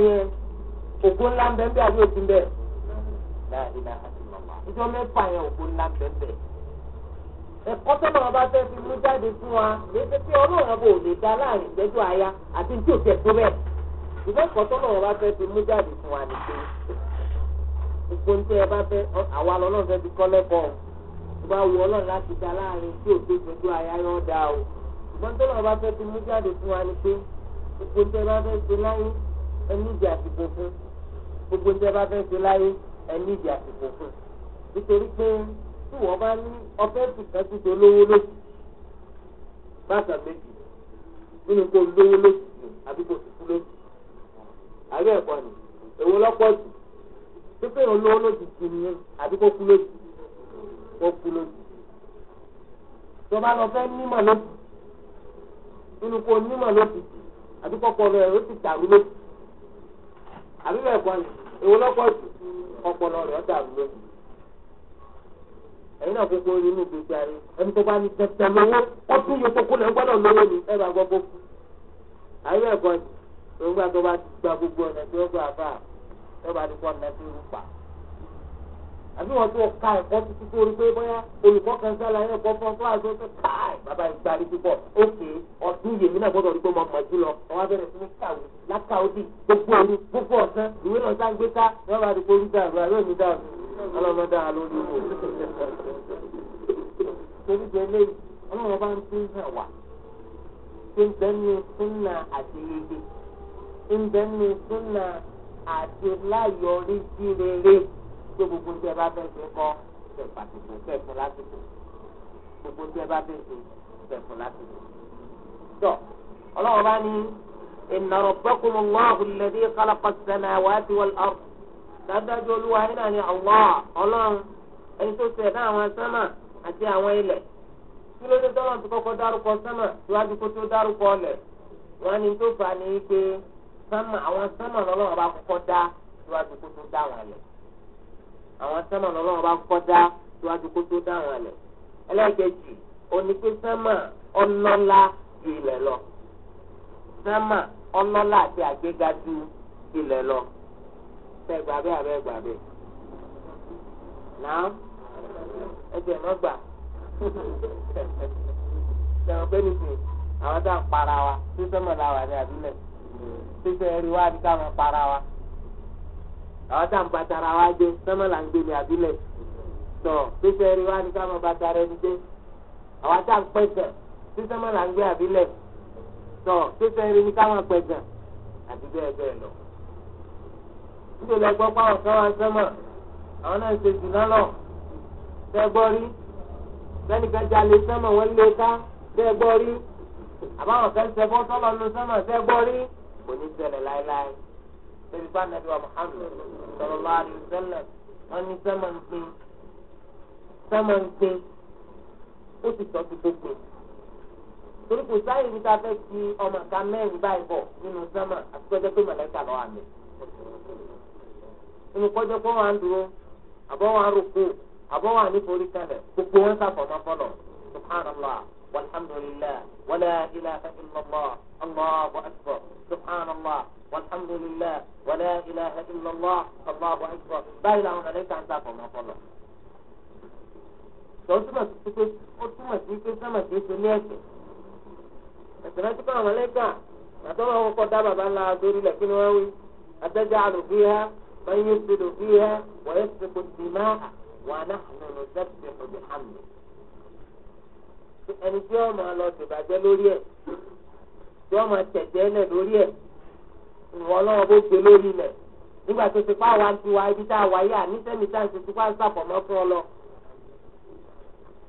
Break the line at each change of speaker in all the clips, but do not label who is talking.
yẹn ògo ńlá ń bẹ́ẹ̀ bẹ́ẹ̀ àbí òtún bẹ́ẹ̀ ìjọ mẹ́fà yẹn ògo ńlá ń bẹ́ẹ̀ bẹ́ẹ̀ ẹ̀kọ́ tó náà bá fẹ́ fi mú jáde fún wa léṣe pé ọlọ́run ọba ò lè da láàrin ìgbẹ́jọ́ aya àti ní tí ò tẹ̀ tó bẹ́ẹ̀ ṣùgbọ́n ẹ̀kọ́ tó náà bá fẹ́ fi mú jáde fún wa ni pé gbogbo ní tí ẹ bá fẹ́ àwa lọ́lọ́run fẹ́ fi kọ́ lẹ́kọ̀ọ́ tó bá wù ọlọ́run láti da láàrin tí ò tó ìgbẹ́jọ́ aya yóò da o ṣùgbọ́n tó náà bá fẹ́ fi mú jáde fún wa ni pé gbogbo ní tí ẹ ẹni ìdí àsìkò fún gbogbo tí ẹ bá fẹ́ ṣe láyé ẹni ìdí àsìkò fún nítorí pé tí wọ́n bá ní ọfẹ́ fìkan ti do lówó lójijì bàtà méjì nínú kó lówó lójijì àbí kó sùkú lójijì àbí ẹ̀kọ́ ni èwo lọ́pọ̀ jù pípé òun lówó lójijì ni àbí kó kú lójijì kó kú lójijì tó bá lọ fẹ́ nímọ̀ lójijì nínú kó nímọ̀ lójijì àbí kọ́kọ́ rẹ̀ ó ti tàrú lójijì àbí bẹ́ẹ̀ kọ́ ni èwo lọ́pọ̀ jù ọpọlọ rẹ̀ ọ̀dà ló ẹ̀yin náà gbogbo inú gbogbo ayé ẹni tó bá ní tẹ̀tẹ̀ lówó ó tún yóò kókó lẹ́yìn gbọ́dọ̀ lówó ni ẹ bá gbọ́ bó kú àbí bẹ́ẹ̀ kọ́ ni òun gbà tó bá gba gbogbo ọ̀nà tí ó gbà fà ẹ bá ní kọ́ ọ̀nà tí ó pa àbí wọn tó ka ẹ̀kọ́ tuntun tó rí pé bóyá olùkọ́ kan sálà yẹn kọ́ fún ọkọ àti ọkọ káì bàbá ìgbàlè púpọ̀ òkè ọdún yèmí náà gbọ́dọ̀ rí pé mo mọ̀ jù lọ ọwọ́ abẹ́rẹ́ fún kàwé lákàódì gbogbo òru gbogbo ọ̀sán ìwé náà sá ń gbé ká yọ bá rí pé orí dàrú àbí èmi dàrú ọlọ́mọ dára lórí ìwò. torí jẹ lẹ́yìn ọlọ́run bá ń fi hàn wá ṣé ń bẹ́ nínú súnà àti yege ń bẹ́ nínú súnà àti láyọrí sí rere pé gbogbo tí ẹ bá fẹ́ ṣe kọ́ ṣe pàtìkù ṣe fún lásìkò gbogbo tí ẹ bá fẹ́ ṣe ṣe fún lásìkò. tọ́ ọlọ́run bá ní inna rabbakum Allahu alladhi khalaqa as-samawati wal-ard dájọ́ olúwa iná ni Allah ọlọ́run ẹni tó ṣẹ̀dá àwọn sánmà àti àwọn ilẹ̀ kí ló dé tọ́lọ́ ti kọ́kọ́ dárúkọ sánmà síwájú kó tó dárúkọ ọlẹ̀ wọ́n ní tó fà ní pé sánmà àwọn sánmà lọ́lọ́run bá kọ́kọ́ dá síwájú kó tó dá àwọn ilẹ̀ àwọn sẹ́mà lọ́lọ́run bá kọ́ dá síwájú kó tó dá àwọn àlẹ́ ẹlẹ́ẹ̀kejì òní pé sẹ́mà ọlọ́lá ju ilẹ̀ lọ sẹ́mà ọlọ́lá àti àgbéga ju ilẹ̀ lọ tẹ gbàgbé àbẹ gbàgbé náà ẹgbẹ́ náà gbà sẹ́wọ̀n pé nìsín àwọn tá à ń para wa sísẹ́mọ̀ làwà ní àdúlẹ̀ sísẹ́ ẹ̀rí wa ni ká máa para wa àwọn tá à ń bàtàrà wa dé sẹ́mọ̀ là ń gbé ní abilẹ̀ tọ̀ pípẹ́ rí wa ní ká mọ bàtàrà ẹni dé àwọn tá à ń pẹ̀sẹ̀ sí sẹ́mọ̀ là ń gbé abilẹ̀ tọ̀ pípẹ́ rí ní ká mọ pẹ̀sẹ̀ àti bẹ́ẹ̀ bẹ́ẹ̀ lọ. nítorí ẹgbọ́ pàwọn sọ́wọ́ sẹ́mọ̀ àwọn náà ń ṣe jù náà lọ tẹ́gbọ́ rí sẹ́nìkan jalè sẹ́mọ̀ wọ́n lé ká tẹ́gbọ́ rí àbáwọn kẹ́ lórí bá nàbí wa Muhammad sallallahu alaihi wasallam wọn ní sẹ́mọ̀ ń gbé sẹ́mọ̀ ń gbé ó sì tọ́ sí gbogbo torí kò sáyé ibi tá a fẹ́ ti ọmọ ká mẹ́rin báyìí bọ̀ nínú sẹ́mọ̀ àti kọjá pé mọ̀lẹ́kà lọ́wọ́ àmì nínú kọjá pé wọ́n á dúró àbọ̀ wọ́n á rò kú àbọ̀ wọ́n á níforí kalẹ̀ gbogbo wọn sàfọ̀mọ́ fọlọ̀ subhanallah. والحمد لله ولا إله إلا الله الله أكبر سبحان الله والحمد لله ولا إله إلا الله الله أكبر báyìí làwọn mẹlẹ́kà ń sàkọ̀ mọ́ fọlọ́ tó túmọ̀ sí pé ó túmọ̀ sí pé sọ́mà kìí ṣe ní ẹ̀sìn ẹ̀sìn láti kọ́ àwọn mẹlẹ́kà àtọ́ wọn kọ́ dá bàbá ńlá lórí ilẹ̀ kí ni wọ́n wí أتجعل فيها من يفسد فيها ويسفك الدماء ونحن نسبح بحمده ẹni tí ọ máa lọ ṣèbàjẹ́ lórí ẹ̀ tí ọ máa tẹ̀jẹ́ lẹ̀ lórí ẹ̀ ìwọ ọlọ́wọ́ bó gbé lórí ilẹ̀ nígbà tó ti pa àwa ń tiwa a tá ti ń sàpọ̀mọ́ fún ọ lọ.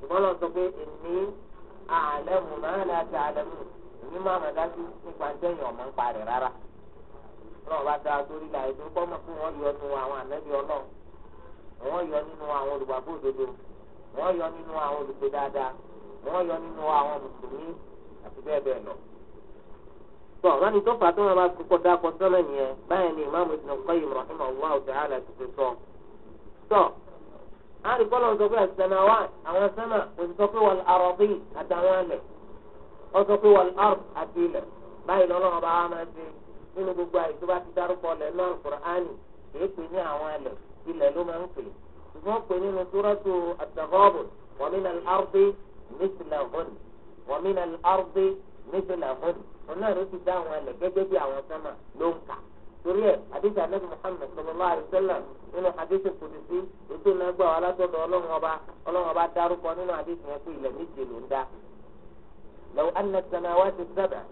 ìbọn lọ sọ pé èmi àlẹ́mù náà ní àti àlẹ́mù èmi máa mọ̀ dájú nípa jẹ́yìn ọ̀mọ́ ń rárá. bá dáa mọ̀ fún yọ nínú ni wọ́n yọ nínú àwọn mùsùlùmí àti bẹ́ẹ̀ bẹ́ẹ̀ lọ. tọ́ wọn ni tó fà tó wọn bá kọ́kọ́ dá akọ sọ́lẹ̀ yẹn báyìí ni ìmáàmù Ibn Qayyim rahimahullahu ta'ala ti fi sọ. tọ́ àárín kọ́lọ̀ ń sọ pé àtìsánà wà àwọn sánà kò sì sọ pé wal ardi àtàwọn alẹ̀ ó sọ pé wal ard àti ilẹ̀ báyìí lọ́lọ́run bá wà máa ṣe nínú gbogbo àyè tó bá ti dárúkọ lẹ̀ lọ́rùn Kùránì kìí pè ní àwọn alẹ̀ ilẹ̀ ló máa ń pè ṣùgbọ́n pè nínú túrọ́tù àtàgọ́bù wa min al ardi مثلهن ومن الأرض مثلهن قلنا رسي داهو أن جدي أو سما لونكا سوريا حديث النبي محمد صلى الله عليه وسلم إنه حديث القدسي يقول نبا ولا تدعو لهم وبا لهم وبا دارو قانون حديث يقول لنجي لوندا لو أن السماوات السبع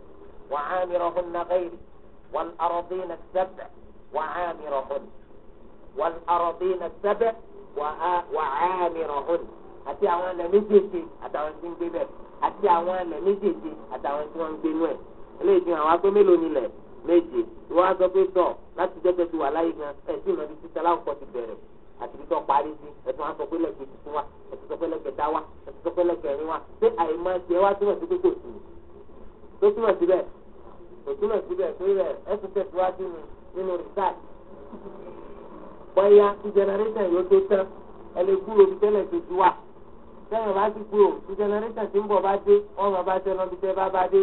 وعامرهن غيري والأراضين السبع وعامرهن والأراضين السبع وعامرهن àti àwọn ilẹ̀ méjèèjì àtàwọn tí ń gbé bẹ̀ àti àwọn ilẹ̀ méjèèjì àtàwọn tí wọ́n ń gbé nú ẹ̀ eléyìí fi hàn wá pé mélòó nílẹ̀ méje ìwọ́n á sọ pé tọ̀ láti jẹ́jẹ́ ti wà láyé gan ẹ̀ sí ìmọ̀ di tí sẹ́láǹkọ́ ti bẹ̀rẹ̀ àti ibi tó parí sí ẹ̀sùn á sọ pé lẹ́kẹ̀ẹ́ tuntun wa ẹ̀sùn sọ pé lẹ́kẹ̀ẹ́ta wa ẹ̀sùn sọ pé lẹ́kẹ̀ẹ́rin wa pé àìmọ̀ tiẹ̀ wá túmọ̀ sí pé kò sí tó túmọ̀ síbẹ̀ kò túmọ̀ síbẹ̀ pé ẹ̀sùn tẹ̀síwájú nínú rìsáàt bọ́yá ti jẹnẹrétàn yóò tó tán ẹ lè kúrò bí tẹ́lẹ̀ tó ti wà sẹ́yìn bá ti pé o tí jẹnẹrétà tí ń bọ̀ bá dé wọ́n máa bá tẹ lọ́dún tẹ́ bá bá dé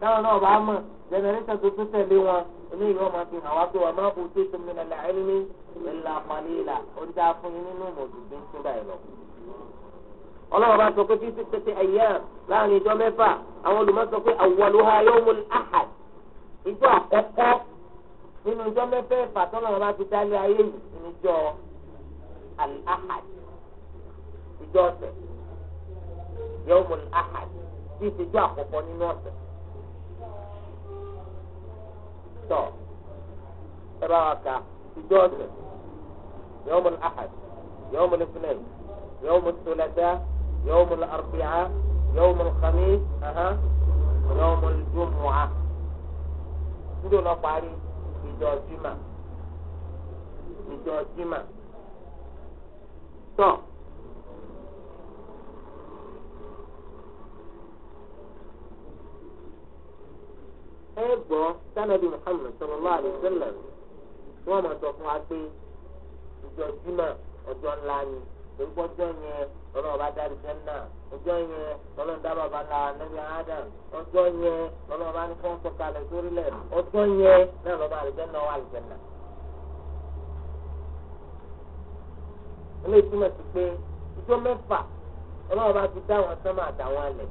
táwọn náà bá mọ̀ jẹnẹrétà tó tún tẹ̀lé wọn eléyìí wọ́n máa fi hàn wá pé wà máa bò tó tó mi nàlẹ́ àìní ìlà àpàlẹ́là ó dá fún yín nínú mọ̀tòdì tó dà lọ. ọlọ́run bá sọ pé títí tètè ẹ̀yẹ́ láàrin ìjọ mẹ́fà àwọn olùmọ̀ sọ pé awwaluha yawmul ahad ìjọ àkọ́kọ́ nínú ìjọ mẹ́fẹ̀ẹ̀fà tọ́lọ́run bá fi dálé ayé yìí níjọ al ìjọ ọ̀sẹ̀. يوم الأحد في سجاق وفوني نوسف تو تراكا في جوزف يوم الأحد يوم الاثنين يوم الثلاثاء يوم الأربعاء يوم الخميس أها يوم الجمعة كل نفاري في جوزيما في جوزيما تو ẹ gbọ́ sanabi muhammed sallallahu alaihi wasallam wọ́n máa sọ fún wa pé ìjọ jimá ọjọ́ ńlá ni èyíkọ́ jọ yẹn ọlọ́run bá dárí jẹ́ náà ọjọ́ yẹn ọlọ́run dá adam bá ní fún náà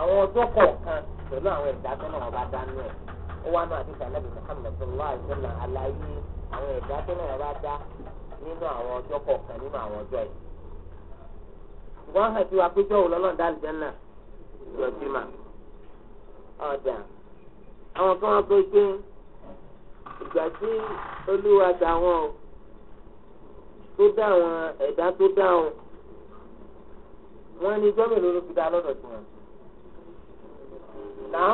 àwọn ọjọ́ kọ̀ọ̀kan pẹ̀lú àwọn ẹ̀dá tó náà bá dá nù ẹ̀ ó wá náà àdìsá nàbì Muhammad sallallahu alaihi wasallam àlàyé àwọn ẹ̀dá tó náà bá dá nínú àwọn ọjọ́ kọ̀ọ̀kan nínú àwọn ọjọ́ yìí. ṣùgbọ́n hàn sí wa pé jọ́ òlọ́lọ́ dá àlùjánnà yọ sí mà ọ̀dà àwọn kan wọ́n pé pé ìgbà tí olúwa dá wọn o tó dá àwọn ẹ̀dá tó dá wọn wọ́n ní gbọ́mìnira ló fi dá lọ́dọ̀ tiwọn náà.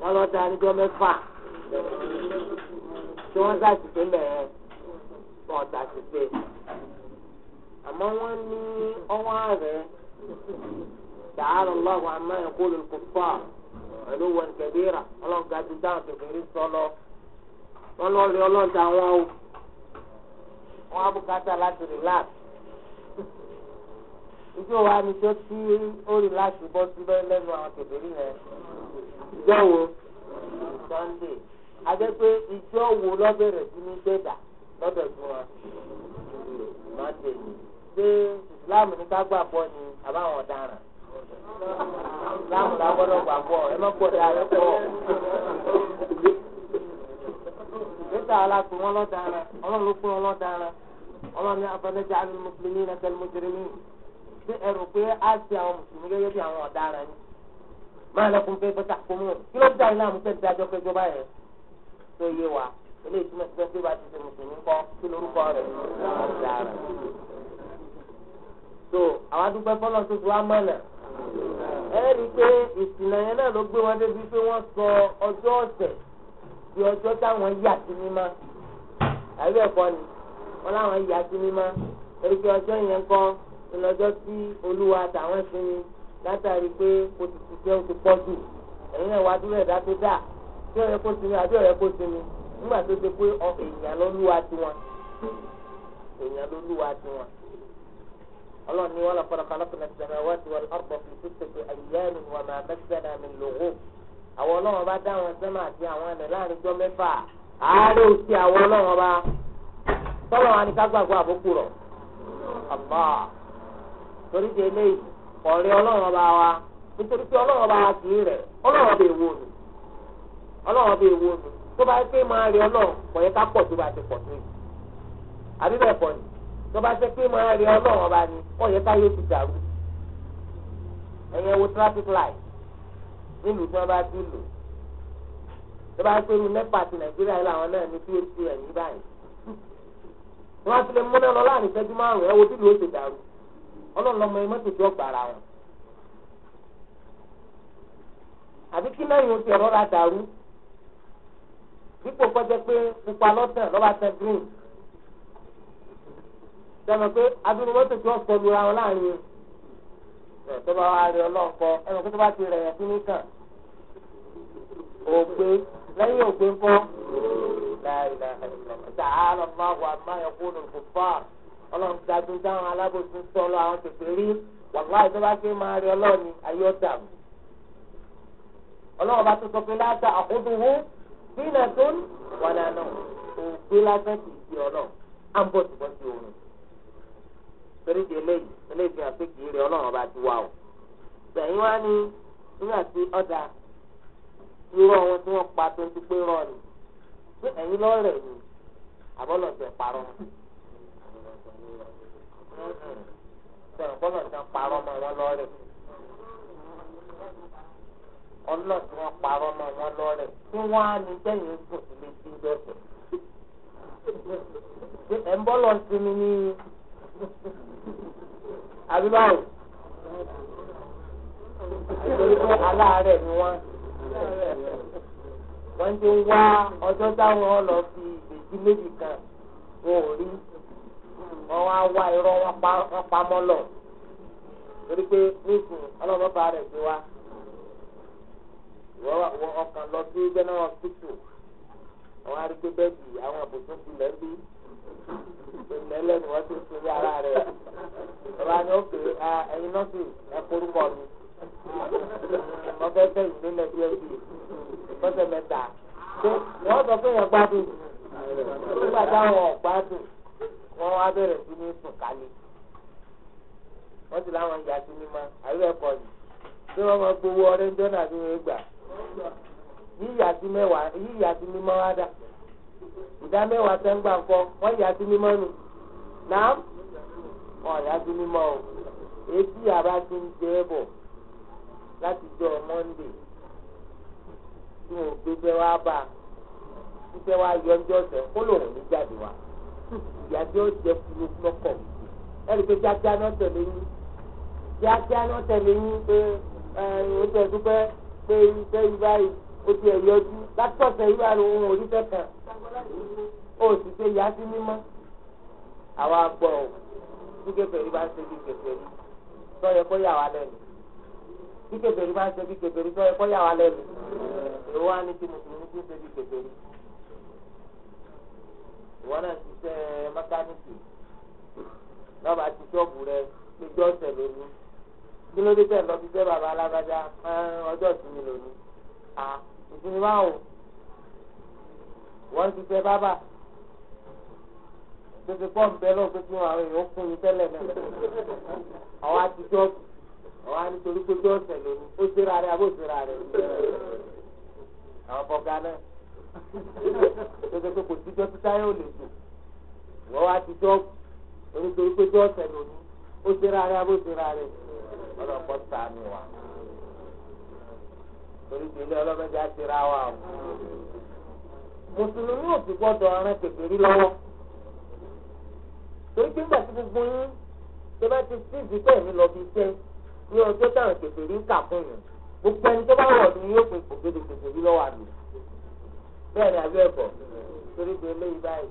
wọ́n lọ da níjọ́ mẹ́fà tí wọ́n sáàtì pé mẹ́rin fún ọ̀tà sí pé àmọ́ wọ́n ní ọwọ́ rẹ̀ tààrà lọ́wọ́ àmọ́ ẹ̀kọ́ olùkọ́fà pẹ̀lú wọn kẹ̀bíra ọlọ́ọ̀gá ti dáhùn kékeré sọ́lọ́ wọ́n ọlọ́ọ̀dà wọn o wọ́n á láti rìláàsì. ìjọ wa ni tó tí ó rí láti bọ́ síbẹ̀ lẹ́nu àwọn kẹfẹ́rí yẹn ìjọ wo sunday ajẹ́ pé ìjọ wo lọ́bẹ̀rẹ̀ sí ní dẹ́dà lọ́dọ̀ sí wọn monday ṣé islam ní ká gbàgbọ́ ni àbáwọn ọ̀daràn islam gbọ́dọ̀ ẹ má gbọ́dọ̀ pọ̀ nígbà wọn lọ́daràn ọlọ́run ló fún wọn lọ́daràn ọlọ́run ní ṣé ẹ rò pé á ṣe àwọn mùsùlùmí gẹ́gẹ́ bí àwọn ọ̀daràn ni máa lọ fún pé bọ́tà kó mú un kí ló dá iná àmúṣe ti dájọ́ pé ìjọba yẹn tó yé wa eléyìí túmọ̀ sí pé bí wàá ti ṣe mùsùlùmí kọ́ kí lórúkọ rẹ̀ ọ̀daràn. so àwọn adúpẹ́ fọlọ́ tó ti mọ̀nà ẹ rí i pé ìsìnà yẹn náà ló gbé wọn débi pé wọ́n sọ ọjọ́ ọ̀sẹ̀ di ọjọ́ táwọn yà sí mímọ́ àbí ẹ̀kọ́ ni wọ́n láwọn yà sí mímọ́ torí ọjọ́ yẹn kọ́ ìlọ́jọ́ tí olúwa àtàwọn ìsinmi látàrí pé kò ti ti jẹ́ oṣù pọ̀ jù ẹ̀yin náà wá dúró ẹ̀dá tó dáa tí ọ̀rẹ́ kó sinmi àbí ọ̀rẹ́ kó sinmi nígbà tó ṣe pé èèyàn lolúwa tiwọn èèyàn lolúwa tiwọn. ọlọ́run ní wọ́n lọ fọ́nà kálọ́kùnrin sẹ́mi wọ́n ti wọ́n ọ̀pọ̀ fi sísèké àyíyáni wọn máa bẹ́ sẹ́nà mi lòwó. àwọn ọlọ́run bá dá wọn sẹ́mà àti àwọn ẹ̀nà láàrin jọ mẹ́fà àárẹ̀ òsì àwọn ọlọ́run bá tọ́lọ̀ wọn ni ká gbàgbọ́ àbókù rọ̀ torí di eléyìí ọ̀rẹ́ ọlọ́run ọba wa nítorí pé ọlọ́run ọba wa kì í rẹ̀ ọlọ́run ọba èwo ni ọlọ́run ọba èwo ni tó bá pé máa rí ọlọ́run kò ká pọ̀ tó bá ti pọ̀ tó yìí àbí pọ̀ ni tó bá ṣe pé máa rí ọlọ́run ọba ni kò ká yóò ti dàrú ẹ̀yẹ wo traffic light nílùú tí wọ́n bá ti lò tó bá pé irú ti nàìjíríà yìí làwọn náà ní phcn ní báyìí
wọ́n á ti lè múná lọ láàrin
ìṣẹ́jú márùn-ún ẹ̀ wo bí lóò ṣe dàrú ọlọ́lọ́mọ ẹ mọ́tò tó gbàrà wọn. àbí kí lẹ́yìn oṣù ẹ̀rọ la dàrú dípò kọjá pé pupa lọ́tàn lọ́ba tẹ green sọ̀rọ̀ pé abirù mọ́tò tó sọ̀lù ra wọn láàrin ẹ̀ tó bá wà rí ọlọ́ọ̀kọ ẹ̀rọ kó tó bá ti rẹ̀ yẹn fún nìkan ògbé lẹ́yìn ògbé ńkọ́ láìláìláìláì sàárọ̀ máa wà máa yẹ kó nù fáà ọlọ́run dájú dáhùn alábòsùn sọ́ọ́lọ́ àwọn tètè rí wàhálà tó bá fi máa rí ọlọ́ọ̀ni ayé ọ̀tà mi. ọlọ́run bá tó sọ pé láta àkóbíwó bí iná tó ń wàdà náà òun gbé lásán kì í sí ọlọ́run á ń bọ̀ tìbọ̀ sí òun. torí di eléyìí eléyìí fi hàn pé kì í rí ọlọ́run bá ti wá o. sẹ̀yìn wá ní nígbà tí ọ̀dà irọ́ wọn tí wọ́n pa tó ti pé rọ́ọ̀nì pé ẹ̀yin lọ́ọ̀rẹ̀ ni àbọ̀lọ̀ tẹ̀ parọ́ sọ̀rọ̀ gbọ́dọ̀ tí wọ́n parọ́ mọ́ wọn lọ́rẹ̀ ọlọ́ tí wọ́n parọ́ mọ́ wọn lọ́rẹ̀ tí wọ́n á ní sẹ́yìn sùn sílé sí ìbẹ̀fẹ̀ ẹ̀ ń bọ́ sí mi ní àbíbáwò nítorí pé aláàárẹ̀ ni wọ́n wọ́n ti ń wá ọjọ́ táwọn ọlọ́ fi ìgbèjì méjì kan wọn ò rí. wọ́n wá irọ́ wọn pa wọn pamọ́ lọ torí pé nísìnyí ọlọ́run bá rẹ̀ gbé
ọkàn lọ sí general
hospital àwọn arígbé bẹ́ẹ̀dì àwọn àbùsùn ti lẹ́ bí ìpínlẹ̀ ni ti ń sori ara rẹ̀ ọba ni ó pè é ẹ̀yin nọ́ọ̀sì ẹ forúkọ mi fẹ́ wọ́n sọ wọ́n wá bẹ̀rẹ̀ sí ní sùn kálí wọ́n ti láwọn ìyá sí ní ma àyè ẹ̀kọ́ yìí tí wọ́n máa gbowó ọrẹ́ ń dọ́nà àbí wọ́n gbà yíyà sí mẹ́wàá yíyà sí mímọ́ wá dà ìdá mẹ́wàá tẹ́ ń gbà ńkọ́ wọ́n yà sí mímọ́ nu náà wọ́n yà sí mímọ́ o etí àbá ti ń jẹ́ bọ̀ láti jọ mọ́ndé tí wọ́n gbé fẹ́ wá bá a tí wá yọ ọjọ́ lòun ní jáde wá ìyájẹ ó jẹ kúrú lọkọ ẹni pé kíákíá náà tẹ̀lé yín kíákíá náà tẹ̀lé yín pé ẹ ó tẹ̀ dúpẹ́ pé iṣẹ́ yìí báyìí o ti ẹ̀yọ́ ojú látọ̀sẹ̀ yìí báyìí òun ò rí fẹ́kàn ó sì ṣe ìyá sí mímọ́ àwa gbọ́ ọ bí kèfèrí bá ń ṣe bí kèfèrí sọ́yẹ kó yà wá lẹ́nu bí kèfèrí bá ń ṣe bí kèfèrí sọ́yẹ kó yà wá lẹ́nu èwo wá ní ti mùsùlùmí ti ń ṣe bí kèfèrí ìwọ náà ti ṣe mẹkáníìkì lọ́ba ti ṣọ́ọ̀bù rẹ péjọ ọ̀sẹ̀ lónìí kí ló dé tẹ̀ lọ fi jẹ́ bàbá alágbájá ọjọ́ ìsinmi lónìí à ìsinmi máa wò wọ́n ti ṣe bábà tètè pọ̀ ń bẹ lọ́wọ́ pé kí wọ́n àwọn èèyàn kún yín tẹ́lẹ̀ náà àwọn àtijọ́ àwọn ànítorí péjọ ọ̀sẹ̀ lónìí ó ṣe ra rẹ̀ àbó ṣe ra rẹ̀ àwọn bọ̀gá náà tọ́jọ́ pé kò síjọ́ tí táyà ò lè sùn wọ́n wá ti jọ́ onítorí pé jọ́ ọ̀sẹ̀ lónìí ó ṣe rárá bó ṣe rárá ọlọ́pọ̀ sàánù wa torí délé ọlọ́mọdé á ti ra wa o mùsùlùmí ò sì gbọ́dọ̀ ọ̀ràn kékeré lọ́wọ́ torí pé nígbà tí gbogbo yín tó bá ti sí ìdíkọ̀ mi lọ bí iṣẹ́ ní ọjọ́ táwọn kékeré ń kà fún yín gbogbo ẹni tó bá wọ̀ ni yóò pè kò gbèdégbèdé bẹ́ẹ̀ ni àbí ẹ̀kọ́ torí pé eléyìí báyìí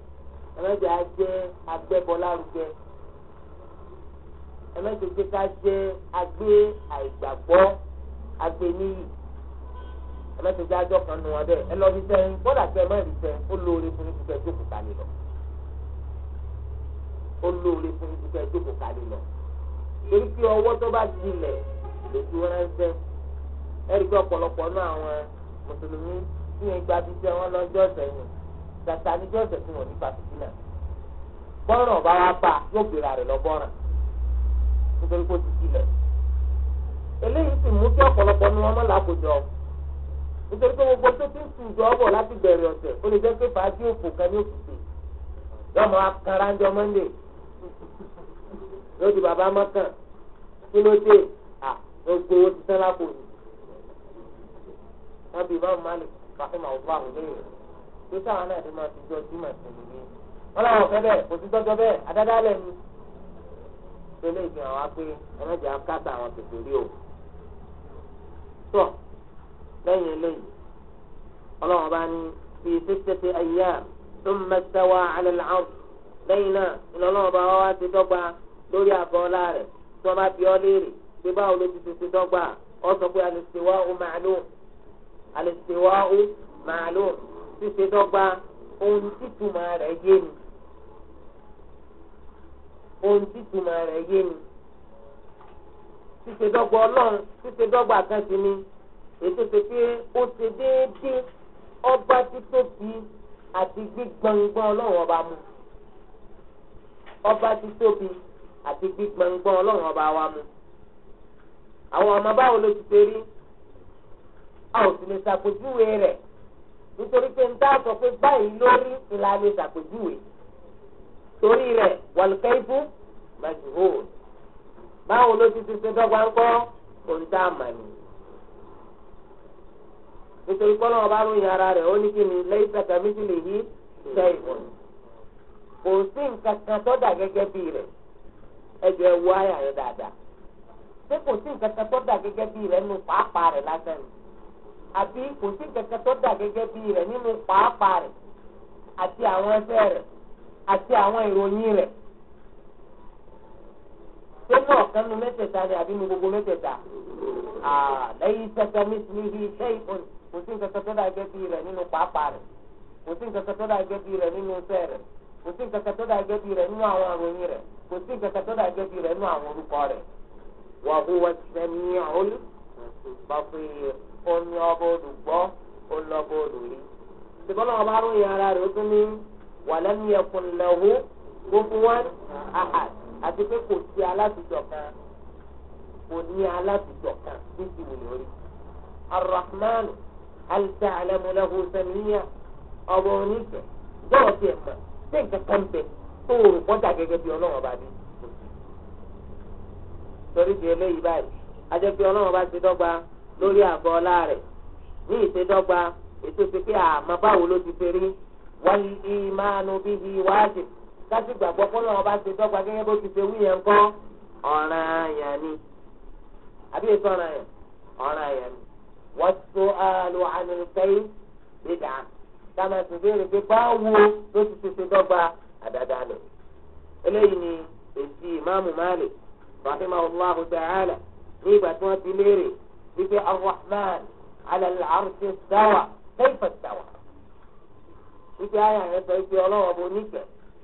ẹ̀mẹ́jọ á jẹ́ agbẹ́bọlárugẹ ẹ̀mẹ́jọ jẹ́ ká jẹ́ agbé àìgbàgbọ́ agbé níyì ẹ̀mẹ́jọ jẹ́ ajọ́ kan nu wọn bẹ́ẹ̀ ẹ lọ rí sẹ́yìn bọ́dà tẹ mọ́ ẹ̀rí sẹ́yìn ó lóore fún ní kíkẹ́ jókòó kalẹ̀ lọ ó lóore fún ní kíkẹ́ jókòó kalẹ̀ lọ torí pé ọwọ́ tó bá tilẹ̀ lójú ránṣẹ́ ẹ̀rí pé ọ̀pọ̀lọpọ̀ náà àwọn mùsùlùmí tí yẹn gba bíi jẹ wọn lọ́jọ́ ọ̀sẹ̀ yẹn tàtà níjọ́ ọ̀sẹ̀ tí wọ́n nípa fìtínà bọ́ọ̀rọ̀ bá wá bá yóò gbéra rẹ̀ lọ bọ́ọ̀ràn nítorí kó ti kílẹ̀ eléyìí sì mú kí ọ̀pọ̀lọpọ̀ ní wọn mọ́ làkójọ nítorí pé gbogbo tó ti ń sùn jọ ọ̀bọ̀ láti bẹ̀rẹ̀ ọ̀sẹ̀ ó lè jẹ́ pé fàájì òfò kan ní òkùnkùn yọmọ akaranjọ mọ́ndé lóde bàbá mọ́kàn kí ló dé à gbogbo owó ti tán lápò ní wọn bí báwọn máa lè rahim allah léèrè pé káwọn náà lè máa fi jọ jimá sẹ́yìn ní.
wọn làwọn fẹ́ bẹ́ẹ̀ kò sí tọ́jọ́ bẹ́ẹ̀ adáadáa lẹ́nu.
pélé ìfihàn wa pé ẹlẹ́jẹ̀ akáta àwọn tètè rí o. tọ́ lẹ́yìn eléyìí ọlọ́run bá ní fi sittati ayyam thumma istawa ala al-arsh lẹ́yìn náà ìlọ́lọ́run bá wá ti dọ́gba lórí àgọ́ rẹ̀ tí bá fi ọ léèrè pé báwo ló ti ti ti dọ́gba ọ sọ pé al-istiwa'u ma'lum alistiwa'u ma'lum ṣíṣe dọ́gba ohun títúmọ̀ rẹ̀ yé ni ohun títúmọ̀ rẹ̀ yé ni ṣíṣe dọ́gba ọlọ́run ṣíṣe dọ́gba kan sí ni ètò ṣe pé ó ṣe déédéé ọba títóbi àti gbígbọ̀ngbọ̀n ọlọ́run ọba mu ọba títóbi àti gbígbọ̀ngbọ̀n ọlọ́run ọba wa mu àwọn ọmọ báwo ló ti ṣe rí a ò sì lè ṣàpèjúwe rẹ̀ nítorí pé ń dá sọ pé báyìí lórí ìlànà ìṣàpèjúwe torí rẹ̀ wàlùkẹ́ìbù majhul báwo ló ti ti ṣe dọ́gba ńkọ́ kò ń dá àmàlù nítorí pé ọlọ́wọ́ bá ròyìn ara rẹ̀ ó ní kí ni lẹ́yìn sàkà méjì lè yí ṣe ìwọ̀n kò sí nǹkan kan tó dà gẹ́gẹ́ bí rẹ̀ ẹ̀jọ̀ ẹ̀ wọ àyà yẹn dáadáa ṣé kò sí nǹkan kan tó gẹ́gẹ́ bí rẹ̀ nù pàápàá rẹ̀ lásán ni àbí kò sí kẹ̀kẹ́ tó dà gẹ́gẹ́ bí rẹ̀ nínú pàápàá rẹ̀ àti àwọn ẹsẹ̀ rẹ̀ àti àwọn ìròyìn rẹ̀ ṣé náà kan nu mẹ́tẹ̀ẹ̀ta ni àbí nu gbogbo mẹ́tẹ̀ẹ̀ta lẹ́yìn tẹ́tẹ́ níbi iṣẹ́ ìfọ̀n kò sí kẹ̀kẹ́ tó dà gẹ́gẹ́ bí rẹ̀ nínú pàápàá rẹ̀ kò sí kẹ̀kẹ́ tó dà gẹ́gẹ́ bí rẹ̀ nínú ẹsẹ̀ rẹ̀ kò sí kẹ̀kẹ́ tó dà gẹ́gẹ́ bí rẹ̀ nínú àwọn ìròyìn rẹ̀ kò sí kẹ̀kẹ́ tó dà gẹ́gẹ́ bí rẹ̀ nínú àwọn orúkọ rẹ̀ wàhùwà sẹ́mi ọ̀hún bàfẹ́ òní ọba olùgbọ́ òní ọba olùrí. ṣùgbọ́n ọba aróyìn ara rẹ̀ ó tún ní walam yakun lahu kufuwan ahad àti pé kò sí alátùjọ kan kò ní alátùjọ kan bí ti wù lórí. arrahman hal ta'lamu lahu samiyya ọba oníkẹ́ jọ́wọ́ tiẹ̀ mọ̀ ṣé nǹkan kan bẹ̀ tó o rò kọjá gẹ́gẹ́ bí ọlọ́run ọba bí torí di eléyìí báyìí ajẹ́ ọlọ́run bá ti dọ́gba lórí àgọ́ ọlá rẹ̀ ní ìṣèdọ́gba ètò ti pé àmọ́ báwo ló ti fẹ́rí wáyé ìmánu bíi wájib láti gbàgbọ́ pé ọlọ́run bá ṣe dọ́gba gẹ́gẹ́ bó ti ṣe wí yẹn kọ́ ọ̀ràn yẹn ni àbí èso ọ̀ràn yẹn ọ̀ràn yẹn ni wọ́n tó àlò ànìkẹ́yì dídà dáná ti béèrè pé báwo ló ti ṣe dọ́gba àdáadáa lọ. eléyìí ni èsì ìmáàmù Malik rahimahullahu ta'ala ní ìgbà tí wọ́n ti léèrè يجي الرحمن على العرش استوى كيف استوى يجي آية يسوي يجي ọlọ́run ọba oníkẹ́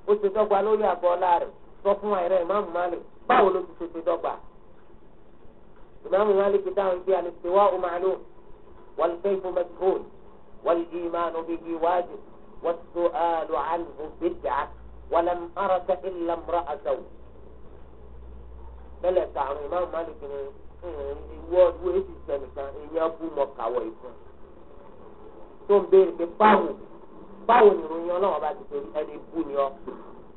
ó ti dọ́gba lórí àgọ́ ọlá rẹ̀ sọ fún àìrẹ́ ìmáàmù Malik báwo ló ti ti dọ́gba ìmáàmù Malik dáhùn sí al-istiwa'u ma'lum wal-kayfu majhul wal-imanu bihi wajib والسؤال عنه بدعة ولم أرك إلا امرأة زوج. بلى تعالى الإمام مالك ìwọ ọdún eighty seven kan èèyàn bú mọ kàwọ ìfún tó ń béèrè pé báwo báwo ni ìròyìn ọlọ́wọ́ bá ti torí ẹni bú ni ọ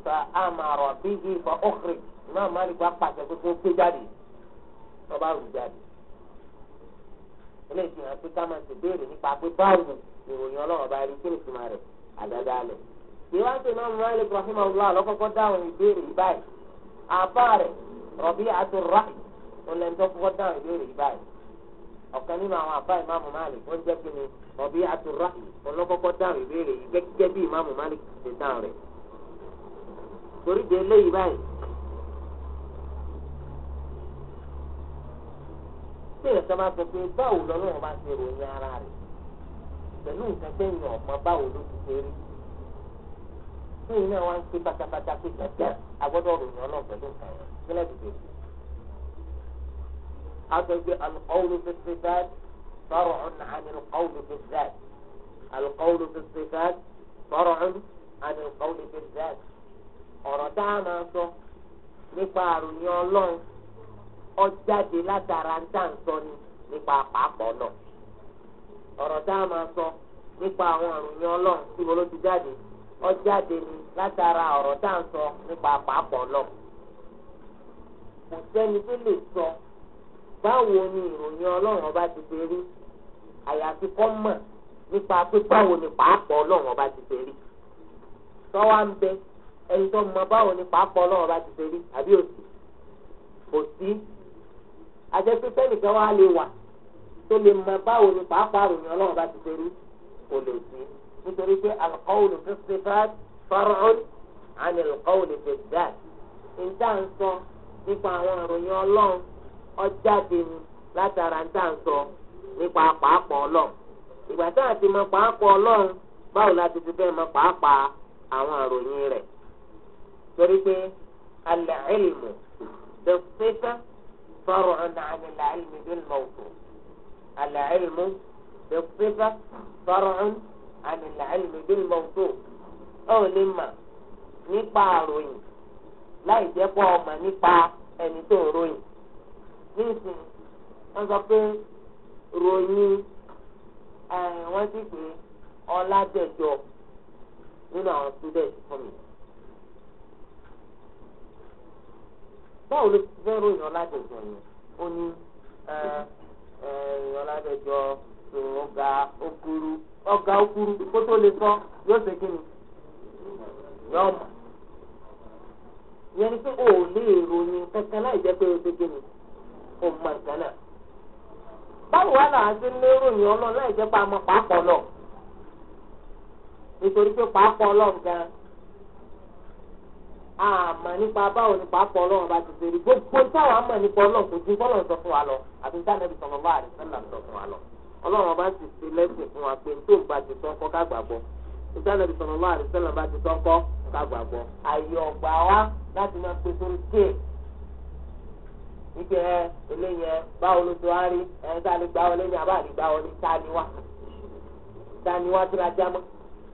fa àmàrọ̀ bí ìfọ̀ ọ̀kìrì náà má lè gba pàṣẹ pé kó gbé jáde lọ́ba rù jáde eléyìí fi hàn pé ká máa ṣe béèrè nípa pé báwo ni ìròyìn ọlọ́wọ́ bá rí kí ni ìtumọ̀ rẹ̀ àdáda lẹ̀ ìwádìí náà Malik rahimahullah lọ́kọ́kọ́ dáhùn ìbéèrè yìí báyìí àbá rẹ̀ Rabi'atur Ra'i ọlẹ́ńtọ́ kọ́kọ́ dáhùn ìbéèrè yìí báyìí ọ̀kan nínú àwọn àbá ìmáàmù Malik wọ́n jẹ́ kí ni ọ̀bí àtúrà ọlọ́kọ́kọ́ dáhùn ìbéèrè yìí gẹ́gẹ́ bí ìmáàmù Malik ṣe dáhùn rẹ̀ torí de eléyìí báyìí tí ìrẹsẹ̀ máa sọ pé báwo lọ́lọ́run bá ṣe ròyìn ara rẹ̀ pẹ̀lú nǹkan pé èèyàn ọ̀mọ báwo ló ti ṣe rí tí ìyẹn wá ń ṣe pátápátá pé gàgà agbọ́dọ̀ ròyìn ọlọ́run pẹ̀lú nǹkan yẹn àtọ̀gbé alukọ́wùlù fi sifat far'un an alukọ́wùlù fi zat alukọ́wùlù fi sifat far'un ọ̀rọ̀ tá a máa sọ nípa àròyìn ọlọ́run ọjáde látara ń ń sọ ni nípa àpapọ̀ náà ọ̀rọ̀ tá a máa sọ nípa àwọn àròyìn ọlọ́run tí mo ló ti jáde ọjáde ni látara ọ̀rọ̀ tá a sọ nípa àpapọ̀ náà kò sẹ́ni tó lè sọ. So, báwo ni ìròyìn ọlọ́run ọba ti ṣe rí àyàfi kọ́ mọ̀ nípa pé báwo ni pàápọ̀ ọlọ́run ọba ti ṣe rí sọ́wọ́ ń bẹ ẹni tó mọ báwo ni pàápọ̀ ọlọ́run ọba ti ṣe rí àbí òsì kò sí àjẹpẹ́pẹ́ nìkan wá lè wà tó lè mọ báwo ni pàápọ̀ àròyìn ọlọ́run ọba ti ṣe rí kò lè sí nítorí pé alqawlu fi sifat far'un 'an alqawli fi dhat ìjà ń sọ nípa àwọn ìròyìn ọlọ́run. ọjáde ni látara tá à ń sọ nípa pàápàá ọlọ́run ìgbà tá ti mọ pàápàá ọlọ́run báwo la ti ti fẹ́ mọ pàápàá àwọn àròyìn rẹ̀ torí pé al-ilmu bis-sifa far'un 'an al-'ilmi bil-mawsu' al-ilmu bis mà nípa àròyìn láì jẹ́ ọmọ nípa ẹni tó ń ròyìn. nísìn wọ́n sọ pé ròyìn eh, wọ́n sì pé ọlájẹjọ nínú àwọn student fún mi. báwo ló fẹ́ ròyìn ọlájẹjọ yẹn ó ní eh, eh, okuru okuru kó tó lè sọ yóò ṣe kí ni yẹn ni pé o ò kò mọ nǹkan náà. báwo wá làwọn ti ní ròyìn ọlọ́run láì jẹ́ pa mọ́ pàápọ̀ lọ. nítorí pé pàápọ̀ ọlọ́run gan àmọ́ nípa báwo ni pàápọ̀ ọlọ́run bá ti ṣeré gbogbo táwọn àmọ́ nípa ọlọ́run kò ju bọ́lọ̀ sọ fún wa lọ àti sànẹ́bí sọ̀rọ̀ bá àdìsẹ́là sọ fún wa lọ ọlọ́run bá ti ṣe lẹ́sìn fún wa pé nítorí bá ti sọ́kọ́ ká gbàgbọ́ ìsànẹ́bí sọ̀rọ̀ bá àdìsẹ́là bá ti sọ́kọ́ ká gbàgbọ́ àyè ọ̀gbà wa láti máa pe sórí kéèkì nke ẹ eléyẹn báwo ló tó wá rí ẹ sáà lè gbá wọlé ní abá àlè gbá wọlé sáà ní wá tó la já mọ́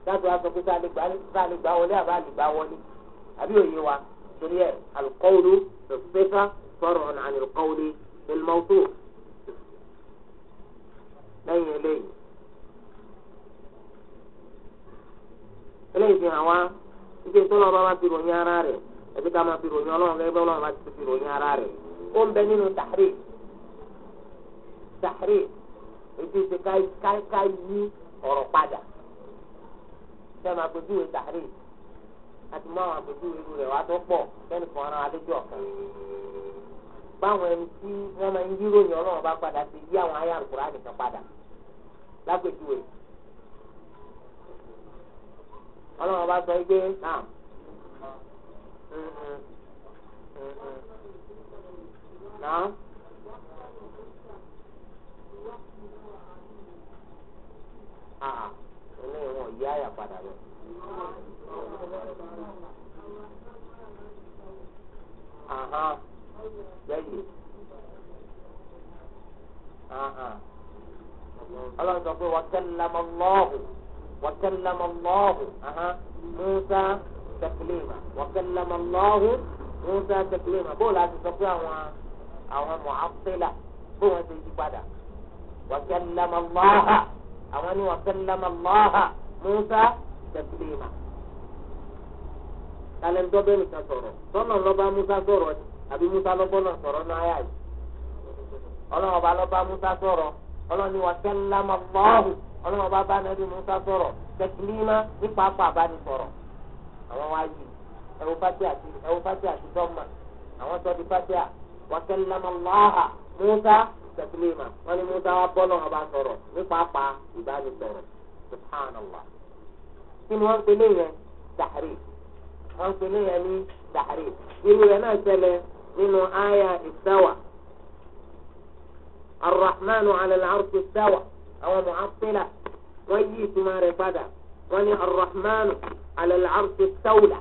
sáàtò pé sáà gbá sáà gbá wọlé abá gbá wọlé àbí òye wa torí ẹ alukọ́wulu lọ́sẹ̀fà sọ̀rọ̀ ọ̀nà alukọ́wulu lẹ́lmọ́tò lẹ́yìn eléyìí. eléyìí fi hàn wá wípé tó bá ròyìn ara rẹ̀ ká máa fi ròyìn ọlọ́run ọlọ́run bá ó ń bẹ nínú tàhírì tàhírì ètò ìṣèkà káríká yí ọ̀rọ̀ padà sẹ́mi àpèjúwe tàhírì àti mú àwọn àpèjúwe irú rẹ̀ wá tó pọ̀ sẹ́ni kan ara adéjú ọ̀kan báwọn ẹni tí wọ́n máa ń yíròyìn ọlọ́run bá padà sí yí àwọn ayé àlùkò láti kan padà lápèjúwe ọlọ́run bá sọ yí pé náà.
Mm-hmm. Mm-hmm. نعم
àà ilé wọn yí àyà padà lọ. àhán lẹ́yìn àhán ọlọ́run sọ pé wàkẹ́lámọ́ lọ́ọ̀hù wàkẹ́lámọ́ lọ́ọ̀hù àhán Musa tẹ̀kílìmà wàkẹ́lámọ́ lọ́ọ̀hù Musa tẹ̀kílìmà bóòlù àti sọ pé àwọn. àwọn mu'attila bó wọn ṣe yí padà wa kallama Allaha àwọn ni wa Musa taklima talẹ̀ntọ́ bẹ́ẹ̀ nìkan sọ̀rọ̀ tọ́nà lọ́ba Musa sọ̀rọ̀ àbí Musa lọ́gbọ́nà sọ̀rọ̀ náà yà yìí ọlọ́wọ́ bá lọ́ba Musa sọ̀rọ̀ ọlọ́ni wa kallama Allahu ọlọ́wọ́ bá bá Musa sọ̀rọ̀ àwọn wáyé fàtíà ti fàtíà ti وسلم الله موسى تكليما ولموسى يعني ربنا أبا سورو نفافا إبان سورو سبحان الله كل وان كنية تحريف وان كنية لي تحريف كل وانا سلي من آية استوى الرحمن على العرش استوى أو معطلة وي ما رفدا وني يعني الرحمن على العرش استولى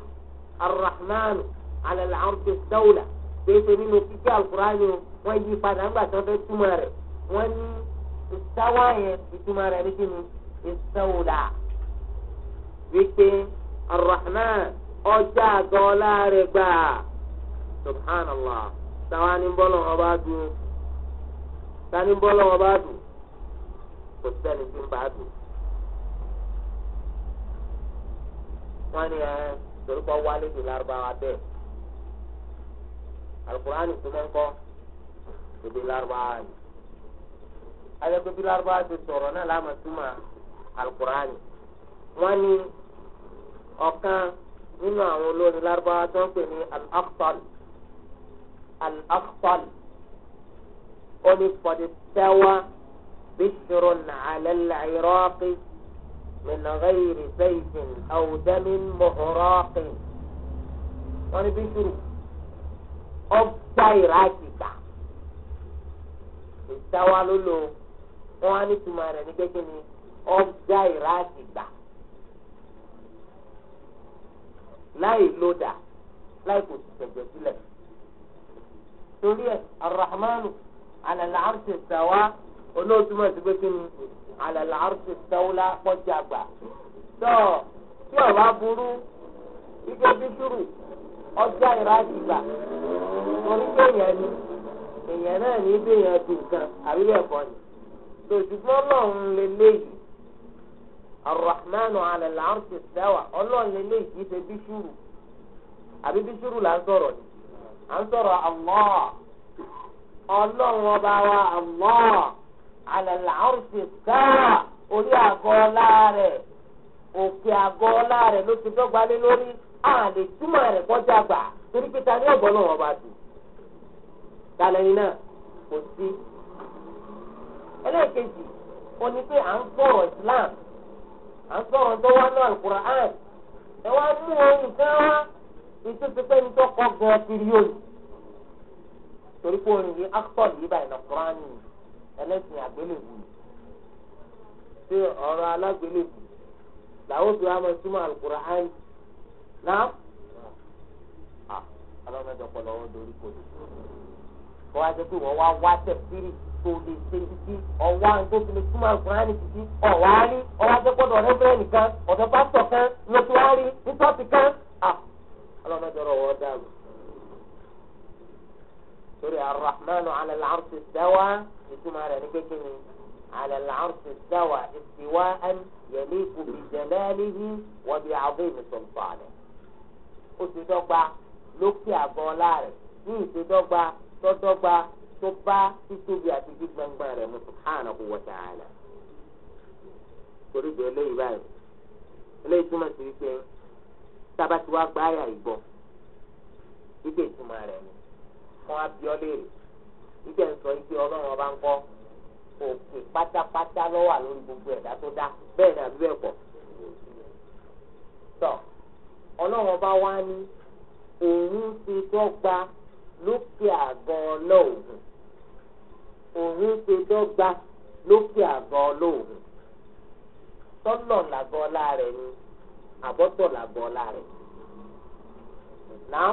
الرحمن على العرش استولى kéèké nínú kíké alukurani wọ́n yí padà ńgbà tí wọ́n fẹ́ túmọ̀ rẹ̀ wọ́n ní ìsáwá yẹn ìtumọ̀ rẹ̀ ní kíni ìsáwòlà wípé arahman ọjà àgọ́lá rẹ̀ gbà subhanallah sáwá ní bọ́lọ̀ wọn bá dùn sani bọ́lọ̀ wọn bá dùn kò sẹ́ni tí ń bá dùn. wọ́n ní ẹ torí wálé dùn lárúbáwá bẹ́ẹ̀ alukur'ani tó máa ń kọ́ èdè lárúbáwá ni alẹ́kọ̀ọ́ bí lárúbáwá ti sọ̀rọ̀ náà láàmú túmọ̀ alukur'ani wọ́n ní ọ̀kan nínú àwọn olórin lárúbáwá tó ń pè ní al-aqtal al-aqtal ó ní fọdùtẹ́wà bishrun ala al-iraqi min ghayri sayfin aw damin muhraqin wọ́n ní bíṣirù ọgbà ìrájì gbà ìtawa ló wọn á ní tuma rẹ̀ ní kékeré ni ọgbà ìrájì gbà láì lódà láì kò sì tẹ̀gbẹ́ sílẹ̀ torí ẹ̀ arahmanu alàlà àrùsì ìtawa olóòtúmọ̀ sí kékeré ni alàlà àrùsì ìtawọ́lá pọ́jà gbà tọ́ tí ọ̀rọ̀ aburú ike bísúrù ọjà ìrájì gbà mo ní kéèyàn ni èèyàn náà ní béèyàn di nǹkan àbí bẹ́ẹ̀ kọ́ ni tó ṣùgbọ́n ọlọ́run lélẹ́yìí arrahmanu ala al-arshi istawa ọlọ́run lélẹ́yìí kì í ṣe bíṣúrù àbí bíṣúrù là ń sọ̀rọ̀ ni à ń sọ̀rọ̀ Allah ọlọ́run ọba wa Allah ala al-arshi istawa orí àgọ́ ọlá òkè àgọ́ ọlá ló ti dọ́gba lé lórí àlè túmọ̀ rẹ̀ kọjá gbà torí pé ta ni ọ̀gbọ́n náà wọ́n bá dùn dalẹ́ni náà kò sí. ẹlẹ́ẹ̀kejì ó ní pé à ń sọ̀rọ̀ Islam à ń sọ̀rọ̀ tó wá náà Al-Qur'an ẹ wá mú ohun kan wá ìtútù pé ní tó kọ́ gan kiri yóò torí pé orin yìí actor yìí báyìí lọ kúrán ní ẹlẹ́sìn àgbélébù ṣé ọ̀rọ̀ alágbélébù làwọn tó wá mọ súnmọ́ Al-Qur'an náà. Ah, ọlọ́mọdé ọpọlọ ọdún orí kò dé kọ́ wá jẹ́ pé wọ́n wá wá tẹ̀ kiri tó lè ṣe títí ọ̀wá tó fi lè túmọ̀ àgùnrán títí
ọ̀wá rí ọ̀wá jẹ́ gbọ́dọ̀ rẹ́bẹ̀rẹ̀ nìkan
ọ̀dọ̀ pásítọ̀ kan ló ti wá rí ní tọ́sí kan. ọlọ́mọdọ̀rọ̀ wọ́n dàrú. sori arahmanu alalaarisi dawa ìtumọ̀ rẹ̀ ní kékeré ni alalaarisi dawa ìtiwá ẹn yẹlé kùbì jẹlẹ́lìhì wọ́n bí abẹ́ ìmùsọ̀lùfọ̀ àlẹ́. ó tọ́dọ́gba tó bá títóbi àti gbígbàngbà rẹ̀ mu subhanahu wa ta'ala. torí bẹ́ẹ̀ lóyè báyìí eléyìí túmọ̀ sí wípé sábàtì wa gba àyà ìbọn wípé ìtumọ̀ rẹ̀ ni wọ́n á bí ọ léèrè wípé ń sọ wípé ọlọ́run ọba ń kọ́ òkè pátápátá lọ́wọ́ lórí gbogbo ẹ̀dá tó dá bẹ́ẹ̀ ni àbí bẹ́ẹ̀ pọ̀ tọ́ ọlọ́run ọba wá ní òun ti dọ́gba lókè àgọ́ ọlọ́ògùn òun ṣe dọ́gba lókè àgọ́ ọlọ́ògùn tọ́lọ̀ làgọ́ ọlá rẹ̀ ni àbọ́tọ̀ làgọ́ ọlá rẹ̀ náà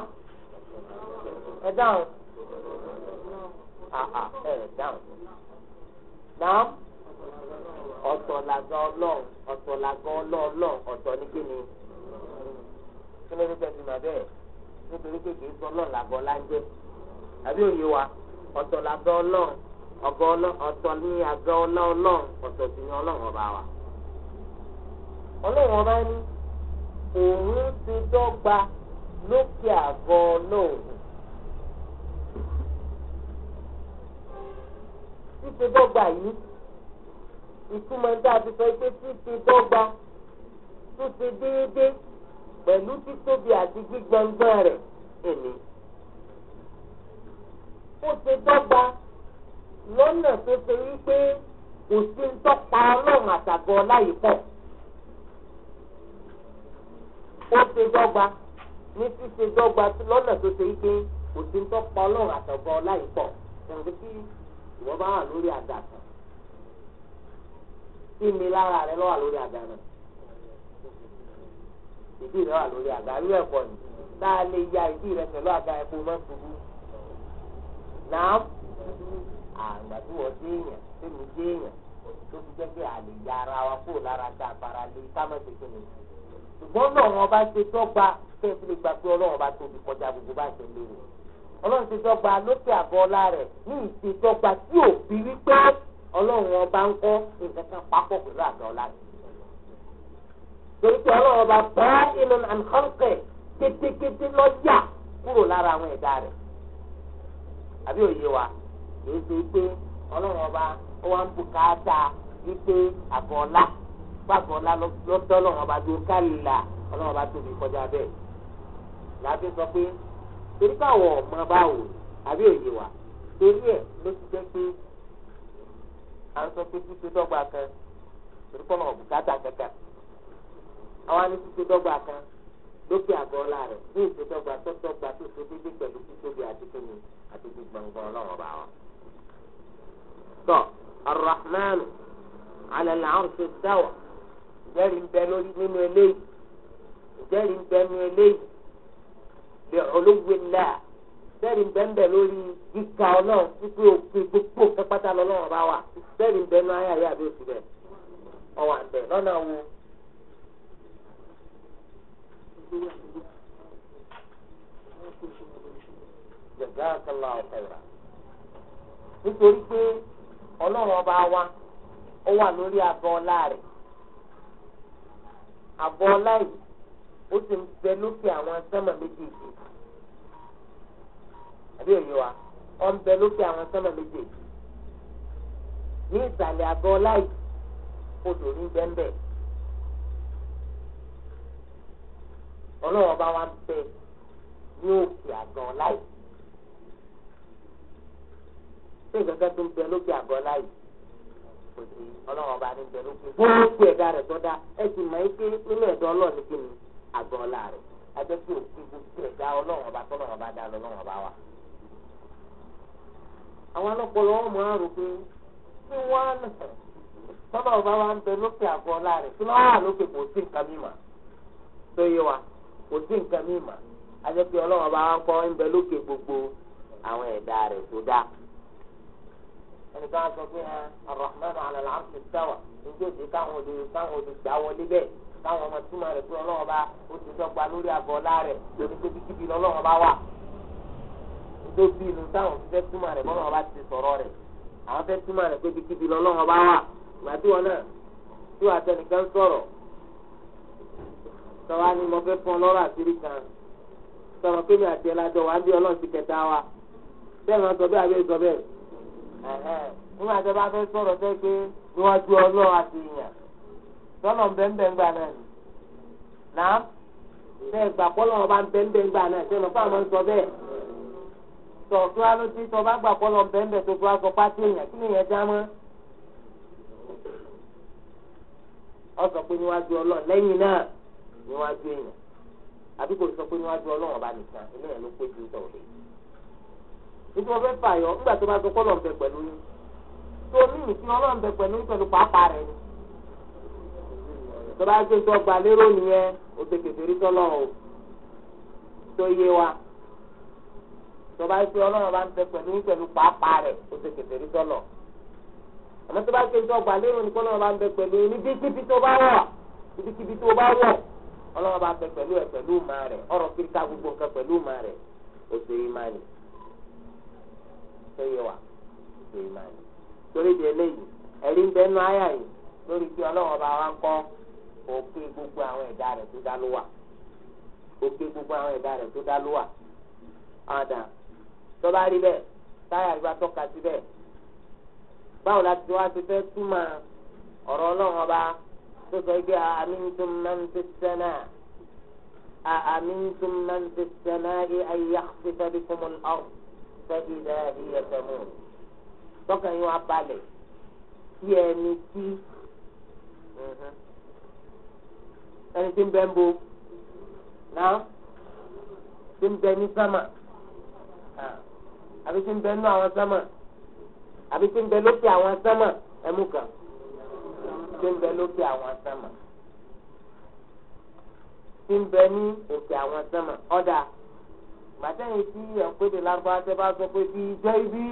ẹ dáhùn àà ẹ dáhùn náà ọ̀tọ̀ làgọ́ ọlọ́ọ̀ ọ̀tọ̀ làgọ́ ọlọ́ọ̀lọ́ ọ̀tọ̀ ní kíni kí ló dé tẹ̀sí màá bẹ́ẹ̀ nítorí pé kì í sọ ọlọ́run làgọ́ lájẹ́ àbí òye wa ọ̀tọ̀ làgọ́ ọlọ́run ọ̀gọ́ ọ̀tọ̀ ní àgọ́ ọlọ́run ọ̀tọ̀ sì ni ọlọ́run ọba wa. ọlọ́run ọba ní òun ti dọ́gba lókè àgọ́ ọlọ́run. títí dọ́gba yìí ìtumọ̀ dáa ti sọ pé títí dọ́gba títí déédéé pẹ̀lú títóbi àti gbígbọ́ngbọ́n rẹ̀ èmi. ó ti dọ́gba lọ́nà tó ṣe wípé kò sí ń tọ́pa ọlọ́run àtàgọ́ láyé pọ̀. ó ti dọ́gba ní ṣíṣe dọ́gba lọ́nà tó ṣe wípé kò sí ń tọ́pa ọlọ́run àtàgọ́ láyé pọ̀. ìrìn tí ìwọ bá wà lórí àga kí ni lára rẹ lọ́wọ́ lórí àga ìdí rẹ wà lórí àga irú ẹ̀kọ́ ni tá a lè ya ìdí rẹ pẹ̀lú àga ẹ̀kọ́ mọ́ ṣubú. Nàám àgbà tí wọ́n dé èèyàn tí mi dé èèyàn tó fi jẹ́ pé a lè ya ara wa kúrò lára tá a fara lé ká má ṣe kí ni. Ṣùgbọ́n náà wọn bá ṣe dọ́gba kí ẹ fi lè gba pé Ọlọ́run bá tóbi kọjá gbogbo bá ṣe lérò. Ọlọ́run ṣe dọ́gba lókè àgọ́ ọlá rẹ̀ ní ìṣe dọ́gba tí ò wípé Ọlọ́run ọba ń kọ́ nǹkan kan papọ̀ pẹ̀lú àgọ́ ọlá rẹ̀ torí pé ọlọ́run ọba bá inú ànkọ́ńkẹ́ kétékété lọ́jà kúrò lára àwọn ẹ̀dá rẹ̀ àbí òye wa kìí ṣe pé ọlọ́run ọba ó wá ń bùkátà wípé àbọ̀ọ́lá pàbọ̀ọ́lá lọ́dọ́ ọlọ́run ọba tó kálílà ọlọ́run ọba tóbi kọjá bẹ́ẹ̀ láti sọ pé torí káwọ̀ ọmọ báwò àbí òye wa torí ẹ̀ ló ti jẹ́ pé à ń sọ pé títí dọ́gba kan torí kọ́ ọ̀nà kankan àwọn ní títí dọ́gba kan lókè àgọ́ ọlá rẹ̀ ní ìṣèdọ́gba tọ́tọ́gba tó ṣe déédé pẹ̀lú títóbi àti kíni àti gbígbọ̀ngbọ̀n ọlọ́run bá wọn. tọ́ Ar-Rahman alẹ́ ṣe dáwọ̀ ìjẹ́rìí ń bẹ nínú eléyìí ìjẹ́rìí ń bẹ nínú eléyìí lè olówó ńlá ìjẹ́rìí ń bẹ ń lórí gíga ọlọ́run pípé òpin gbogbo kẹpátá lọ́lọ́run bá wà ìjẹ́rìí ń bẹ nínú ayáyá àbí òsì bẹ́ẹ̀ ọ̀wà jẹ̀gáàkàlà ọ̀kẹ́rà nítorí pé ọlọ́run ọba wa ó wà lórí abọ́ ọlá rẹ̀ abọ́ ọlá yìí ó sì ń bẹ lókè àwọn sẹ́mà méjèèjì àbí òye wa ó ń bẹ lókè àwọn sẹ́mà méjèèjì ní ìsàlẹ̀ abọ́ ọlá yìí odò ní ọlọ́run ọba wa ń bẹ ní òkè àgàn láì ṣé tó ń bẹ lókè àgàn láì kò sí ọlọ́run ní bẹ lókè gbogbo ẹ̀dá rẹ̀ tọ́da ẹ sì mọ̀ ike nínú ẹ̀dá ọlọ́run kí ni rẹ̀ gbogbo ẹ̀dá ọlọ́run tọ́lọ́run dá lọ́lọ́run àwọn wọn rò pé kò sí nǹkan mi mà ọla ọlọ́run ọba wa ń kọ́ ń bẹ lókè gbogbo àwọn ẹ̀dá rẹ̀ tó dá. ẹnìkan sọ pé arahman alala arsi sáwà níjó ti káwọn òde káwọn òde gbà wọlé bẹ́ẹ̀ káwọn ọmọ túmọ̀ rẹ̀ pé ọlọ́run ọba ó ti dọ́gba lórí àgọ́ rẹ̀ lórí pé ọba wà. inú táwọn fẹ́ túmọ̀ rẹ̀ bọ́lọ́run ọba ti sọ̀rọ̀ rẹ̀ àwọn tọ́wá ni mo fẹ́ fún ọ lọ́rọ̀ àṣírí kan sọ̀rọ̀ pé mi àti ẹ̀ lájọ bí ọlọ́run ti kẹta wa bẹ́ẹ̀ máa sọ bẹ́ẹ̀ àbẹ́ sọ bẹ́ẹ̀ nígbà tí a bá fẹ́ sọ̀rọ̀ sẹ́ pé níwájú ọlọ́run àti ìyàn sọ́nà bẹ́ẹ̀nbẹ́ẹ̀ngbà náà ni náà bẹ́ẹ̀ gbà kọ́lọ́ ọba bẹ́ẹ̀nbẹ́ẹ̀ngbà náà sẹ́nu fún àwọn sọ bẹ́ẹ̀ sọ̀rọ̀ tó wá ló ti sọ bá gbà kọ́lọ́ bẹ́ẹ̀nbẹ́ tó fi wá sọ pátí èèyàn kí nìyẹn já mọ́ ọ sọ pé níwájú ọlọ́run lẹ́yìn náà níwájú èèyàn àbí kò sọ pé níwájú ọlọ́run ọba nìkan ilé yẹn ló pé ju tọ̀ lé nítorí wọn fẹ́ fààyọ nígbà tó bá sọ kọ́lọ̀ ń bẹ pẹ̀lú yín tó ní ìsìn ọlọ́run bẹ pẹ̀lú yín pẹ̀lú pàápàá rẹ̀ ni tó bá gbé sọ gbà lérò nìyẹn o ti kèké rí o tó yé wa tó bá gbé ọlọ́run bá ń bẹ pẹ̀lú yín pẹ̀lú pàápàá rẹ̀ o ti kèké rí tọ́lọ́ àmọ́ tó bá gbé sọ gbà lérò nìkan ọlọ́run bá ń bẹ pẹ̀lú yín níbikíbi tó bá wọ̀ níbikíbi tó bá wọ̀ ọlọ́wọ́ bá fẹ́ pẹ̀lú ẹ̀ pẹ̀lú ìmọ̀ rẹ̀ ọ̀rọ̀ kíríkà gbogbo nǹkan pẹ̀lú ìmọ̀ rẹ̀ òsè ìmánì tó yẹ wà òsè ìmánì torí di eléyìí ẹ̀rí ń bẹ nú àyà yìí lórí pé ọlọ́wọ́ bá wa ń kọ́ òkè gbogbo àwọn ẹ̀dá rẹ̀ tó dá ló wà òkè gbogbo àwọn ẹ̀dá rẹ̀ tó dá ló wà tó bá rí bẹ́ẹ̀ táyà ìgbà tọ́ka sí báwo la wá ti fẹ́ túmọ̀ ọ̀rọ̀ ọlọ́wọ́ tó sọ pé àmìntún máa ń fi sẹ́nà àmìntún máa ń fi sẹ́nà ẹ̀ ayé àkùsífẹ́bí fún mi ọ̀ fẹ́bí náà ìyẹ tẹ̀mú. tọkàn yín wá balẹ̀ tí ẹni tí mhm, ẹni tí ń bẹ́ ń bo náà tí ń bẹ ní sámà àbí tí ń bẹ nú àwọn sámà àbí tí ń bẹ lókè àwọn sámà ẹ̀mú kan tí ń bẹ lókè àwọn sánmà tí ń bẹ ní òkè àwọn sánmà ọ̀dà gbàtẹ́yìn tí ẹ̀kúndé lágbára tẹ́ bá sọ pé fi jẹ́ ibi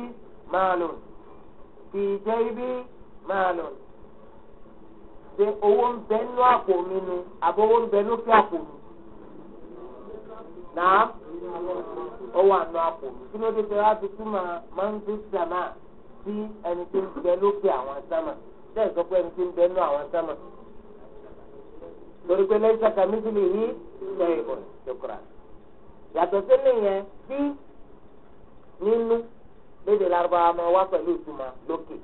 máa lò fi jẹ́ ibi máa lò ṣe owó ń bẹ nínú àpò mi nu àbọ̀ owó ń bẹ lókè àpò mi náà owó àná àpò mi kí ló dé tẹ́ wá fi túmọ̀ máa ń dún sàmà sí ẹni tí ń bẹ lókè àwọn sánmà bẹ́ẹ̀ sọ pé ẹni tí ń bẹ nú àwọn sámà torí pé lẹ́yìn sàkà mísìlì yìí ṣe ìbọn ṣokùrà yàtọ̀ sílẹ̀ yẹn bí nínú lédè lárúbáwá máa wá pẹ̀lú ìtumọ̀ lókè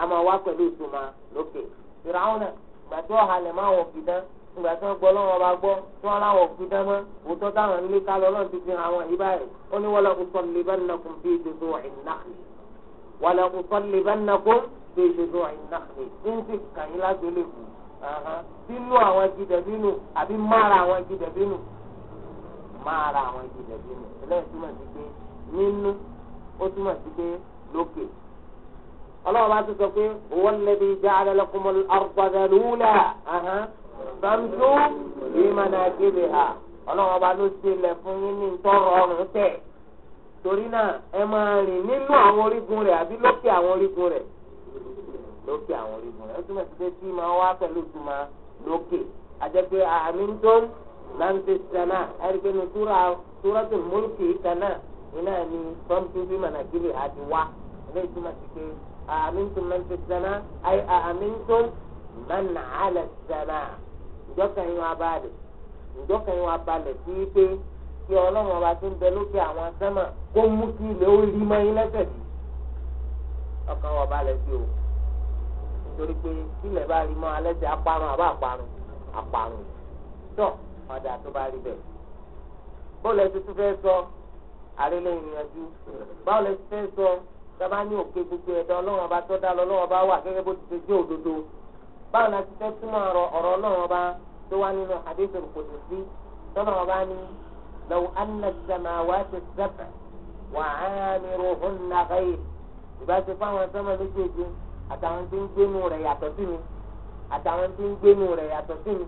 a máa wá pẹ̀lú ìtumọ̀ lókè ìràwọ̀nà gbàtí ọ̀hà lè má wọ̀ fìdán ìgbà tí wọ́n gbọ́ lọ́wọ́ bá gbọ́ tí wọ́n láwọ̀ fìdán mọ́ òótọ́ táwọn ilé kálọ̀ ọlọ́run ti fi àwọn yìí báyìí ó ní wala usallibannakum fi juzu'in nakhli wala usallibannakum bẹ́ẹ̀lẹ́dọ́ àìnáfẹ́ ẹ̀ńtì kàyín lágbélébù sínú àwọn igi dẹ̀bínú àbí mára àwọn igi dẹ̀bínú mára àwọn igi dẹ̀bínú eléyìí túmọ̀ sí pé nínú ó túmọ̀ sí pé lókè ọlọ́run bá tún sọ pé wọ́n lẹ́bi ìjà alẹ́lẹ́kùnmọ́ ọ̀gbọ̀dẹ̀lúwúlà bàmjú ìmọ̀nà kébè ha ọlọ́run ọba ló ṣe lẹ̀ fún yín ní tọrọ ọrùn tẹ̀ torí náà ẹ máa rìn nínú àwọn orígun rẹ̀ àbí lókè àwọn orígun rẹ̀ lókè àwọn orígun rẹ̀ ó túmọ̀ sí pé tí máa wá pẹ̀lú ìtumọ̀ lókè àjẹpé àmìntón láǹtẹ̀ sànà ẹ̀ríkẹ́nu túrọ́tù múlùkì sànà iná ni something bí mànàkìrì àti wá ilé ìtumọ̀ sí pé àmìntón láǹtẹ̀ sànà àyè àmìntón mànà àlẹ̀ sànà ìjọkàn yín wá balẹ̀ ìjọkàn yín wá balẹ̀ sí pé kí ọlọ́run ọba tó ń bẹ lókè àwọn sẹ́mà kó mú kí ilé ó rí mọ́ yín lẹ́sẹ̀ ọkàn wọ̀ balẹ̀ sí o torí pé ilẹ̀ bá rí mọ́ alẹ́ ti aparun àbá aparun aparun tó ọ̀dà tó bá rí bẹ́ẹ̀. bọ́ọ̀lù ẹtí tún fẹ́ sọ àrílẹ́yìn yanjú báwo lẹ ti fẹ́ sọ sábà ní òkè gbogbo ẹ̀dá ọlọ́run ọba tó dá lọ ọlọ́run ọba wà gẹ́gẹ́ bó ti ṣe jẹ́ òdodo báwo la fẹ́ túmọ̀ ọ̀rọ̀ ọlọ́run ọba tó wá nínú àdéhùn kòtòsí tọ́lọ́run ọba ní lọ́wọ́ anàtìsàmà wà á ti sẹ́pẹ̀ wà á ní rohùn nàgẹ́yì ìbá ti fáwọn méjèèjì àtàwọn tí ń gbénu rẹ̀ yàtọ̀ sí mi àtàwọn tí ń gbénu rẹ̀ yàtọ̀ sí mi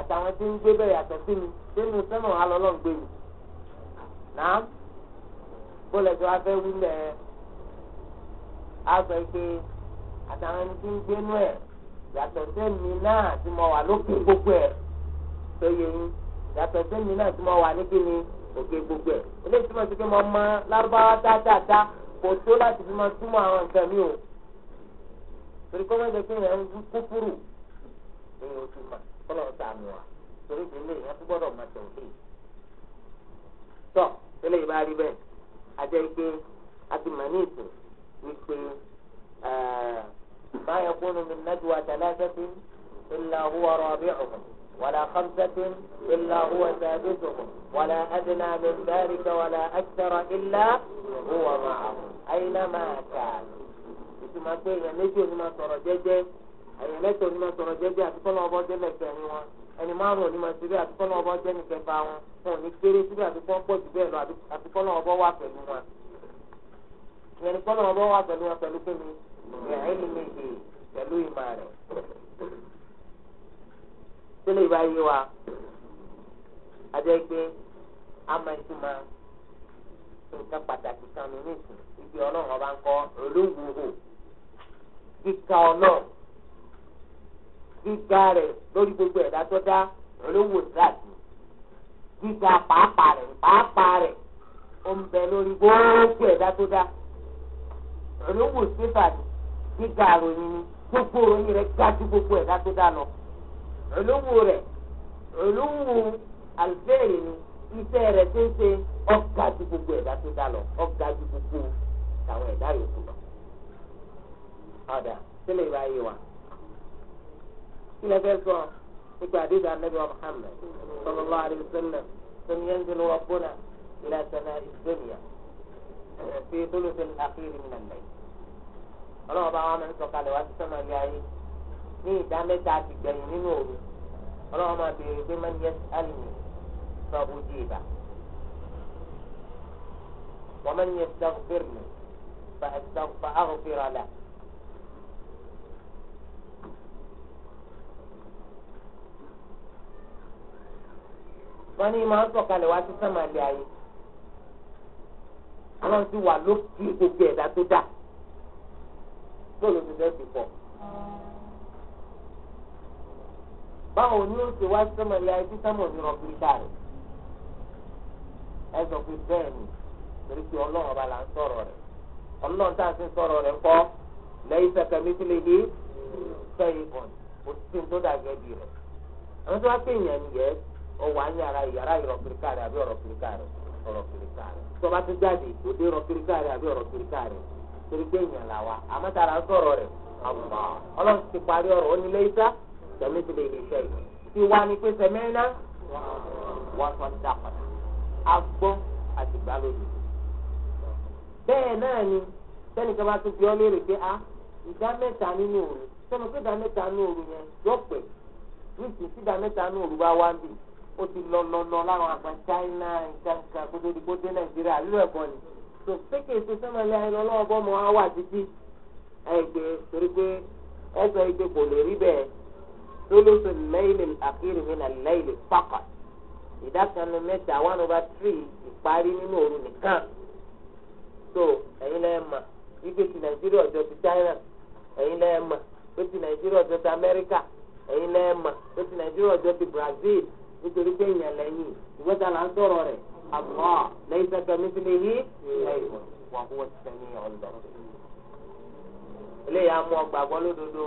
àtàwọn tí ń gbé bẹ́ẹ̀ yàtọ̀ sí mi sínú sẹ́nà alọ́lọ́ ń gbé mi náà bọ́lẹ̀ tó wá fẹ́ wí lẹ̀ á sọ pé àtàwọn ẹni tí ń gbénu ẹ̀ yàtọ̀ sẹ́mi náà tí mo wà lókè gbogbo ẹ̀ tó yẹ yín yàtọ̀ sẹ́mi náà tí mo wà ní kíni òkè gbogbo ẹ̀ eléyìí tí mo ti fi mọ ọmọ lárúbáwá dáadáa kò tó láti fi mọ túmọ̀ àwọn nǹkan mi o. torí kọ́ mẹ́lẹ̀ pé ẹ̀ ń bú kúkúrú ní oṣù mọ̀ kọ́lọ̀ sàmù wa torí ti lè yẹn tó gbọ́dọ̀ mọ̀ tó ń tọ́ tẹ́lẹ̀ ìbá rí bẹ́ẹ̀ ajẹ́ pé a ti mọ̀ ní ìsìn wípé ما يكون من نجوى ثلاثة إلا هو رابعهم ولا خمسة إلا هو سادسهم ولا أدنى من ذلك ولا أكثر إلا
هو معهم
أينما كانوا sì máa pé èèyàn méjì onímọ̀ sọ̀rọ̀ jẹ́jẹ́ èèyàn mẹ́ta onímọ̀ sọ̀rọ̀ jẹ́jẹ́ àti kọ́nà ọbọ̀ jẹ́ lẹ́kẹ̀rin wọn ẹni márùn onímọ̀ síbẹ̀ àti kọ́nà ọbọ̀ jẹ́ nìkẹfà wọn wọn ò ní kéré síbẹ̀ àti kọ́ pọ̀ jù bẹ́ẹ̀ lọ àti kọ́nà ọbọ̀ wà pẹ̀lú wọn. ìyẹn ni kọ́nà ọbọ̀ wà pẹ̀lú wọn pẹ̀lú kémi ẹ̀ẹ́nì méje pẹ̀lú ìmọ̀ rẹ̀. sílẹ̀ ìbá yé wa ajẹ́ gbé amẹ́tùmá nǹkan pàtàkì kan nínú ìsìn ibi ọlọ́run ọba ń kọ́ olóńgbò hù gíga ọlọ́ọ̀ gíga rẹ̀ lórí gbogbo ẹ̀dá tó dá olówó ìdájú gíga pàápàá rẹ̀ pàápàá rẹ̀ ó ń bẹ lórí gbogbo ẹ̀dá tó dá olówó ìsèfàdì gíga àròyìn ni gbogbo òròyìn rẹ̀ ga ju gbogbo ẹ̀dá tó dá lọ olówó rẹ̀ olówó àlùfẹ́ẹ̀rẹ̀ ni iṣẹ́ rẹ̀ tó ń ṣe ọ̀gá ju gbogbo ẹ̀dá tó dá lọ ọ̀gá gbogbo àwọn ẹ̀dá yòókù lọ. ọ̀dà sílẹ̀ ìbáyé wa. ilẹ̀ fẹ́ sọ nípa àdéhùn anábì wa Muhammad sallallahu alaihi wasallam ثم ينزل ربنا إلى سماء الدنيا في ثلث الأخير من الليل ọlọ́run bá wọn máa ń sọ̀kalẹ̀ wá sí sọ́mọ ilé ayé ní ìdá mẹ́ta ti gbẹ̀yìn nínú òru ọlọ́run máa béèrè pé máa ń yẹ alìmí sọ́ọ̀bù di ìbà wọ́n máa ń yẹ sọ́ọ̀bù fèrè mi fa àrùn fèrè àlà. wọ́n ní máa ń sọ̀kalẹ̀ wá sí sàmàlẹ̀ ayé ọlọ́run ti wà lókè gbogbo ẹ̀dá tó dà bóòlù ti fẹ́ ti pọ̀. báwo ni ó ṣe wá sí sàmàlẹ̀ ayé tí sàmọ̀ ní rọ̀bìrìkà rẹ̀ ẹ sọ pé bẹ́ẹ̀ ni torí pé ọlọ́run ọba là ń sọ̀rọ̀ rẹ̀ ọlọ́run tá a ti sọ̀rọ̀ rẹ̀ kọ́ lẹ́yìn sẹ́kẹ̀ mi ti lè dé sẹ́yìn bọ̀ kò sí tó dàgẹ́ bì rẹ̀ àwọn tó wá pè yàn nìyẹn ọwọ́ á yàrá yàrá ìrọ̀ kìrìkà rẹ̀ àbí ọ̀rọ̀ kìrìkà rẹ̀ ọ̀rọ̀ kìrìkà rẹ̀ tọ́ba tó jáde òde ọ̀rọ̀ kìrìkà rẹ̀ àbí ọ̀rọ̀ kìrìkà rẹ̀ torí pé èèyàn là wa àmọ́ tara ń sọ̀rọ̀ rẹ̀ àwùjọ ọlọ́run ti parí ọ̀rọ̀ ó ní lẹ́yìísá tẹ̀lé ti lè ṣe yìí ti wá ní pé sẹ́mẹ́rínà wọ́n sọ ní dàpọ̀tà agbọ́ àti gbàlódì bẹ́ẹ̀ náà ni sẹ́nìkan bá tún fi ọ́ léèrè pé a ìdá mẹ́ta nínú òru sọ́nà pé ìdá mẹ́ta nínú òru yẹn yọ̀pẹ̀ ní ìsìn sí ìdá mẹ́ta nínú òru bá wá ń bì ó ti lọ lọ lọ láwọn àgbà China ìjànkà kótó ìdìbò dé Nàìjíríà àlú ẹ̀kọ́ ni tó pékè sí sẹ́mẹ̀lẹ́ ẹ̀rọ ọlọ́ọ̀bọ mọ á títí ẹgbẹ́ torí pé ẹsẹ̀ ẹgbẹ́ kò lè rí mi nà pápá ìdákanu one over three ìparí nínú òru nìkan tó mà wípé ti Nàìjíríà ti China ẹ̀yin lẹ́yìn mà wípé ti Nàìjíríà ti Brazil nítorí pé èèyàn lẹ́yìn ìwé ta là ń sọ̀rọ̀ rẹ̀ àmọ́ lẹ́yìn tẹ́tẹ́ mi ti lè yí ẹ̀yìn wà kó wọ́n ti sẹ́ni ọ̀lọ́.
eléyà mú ọgbà gbọ́
lódodo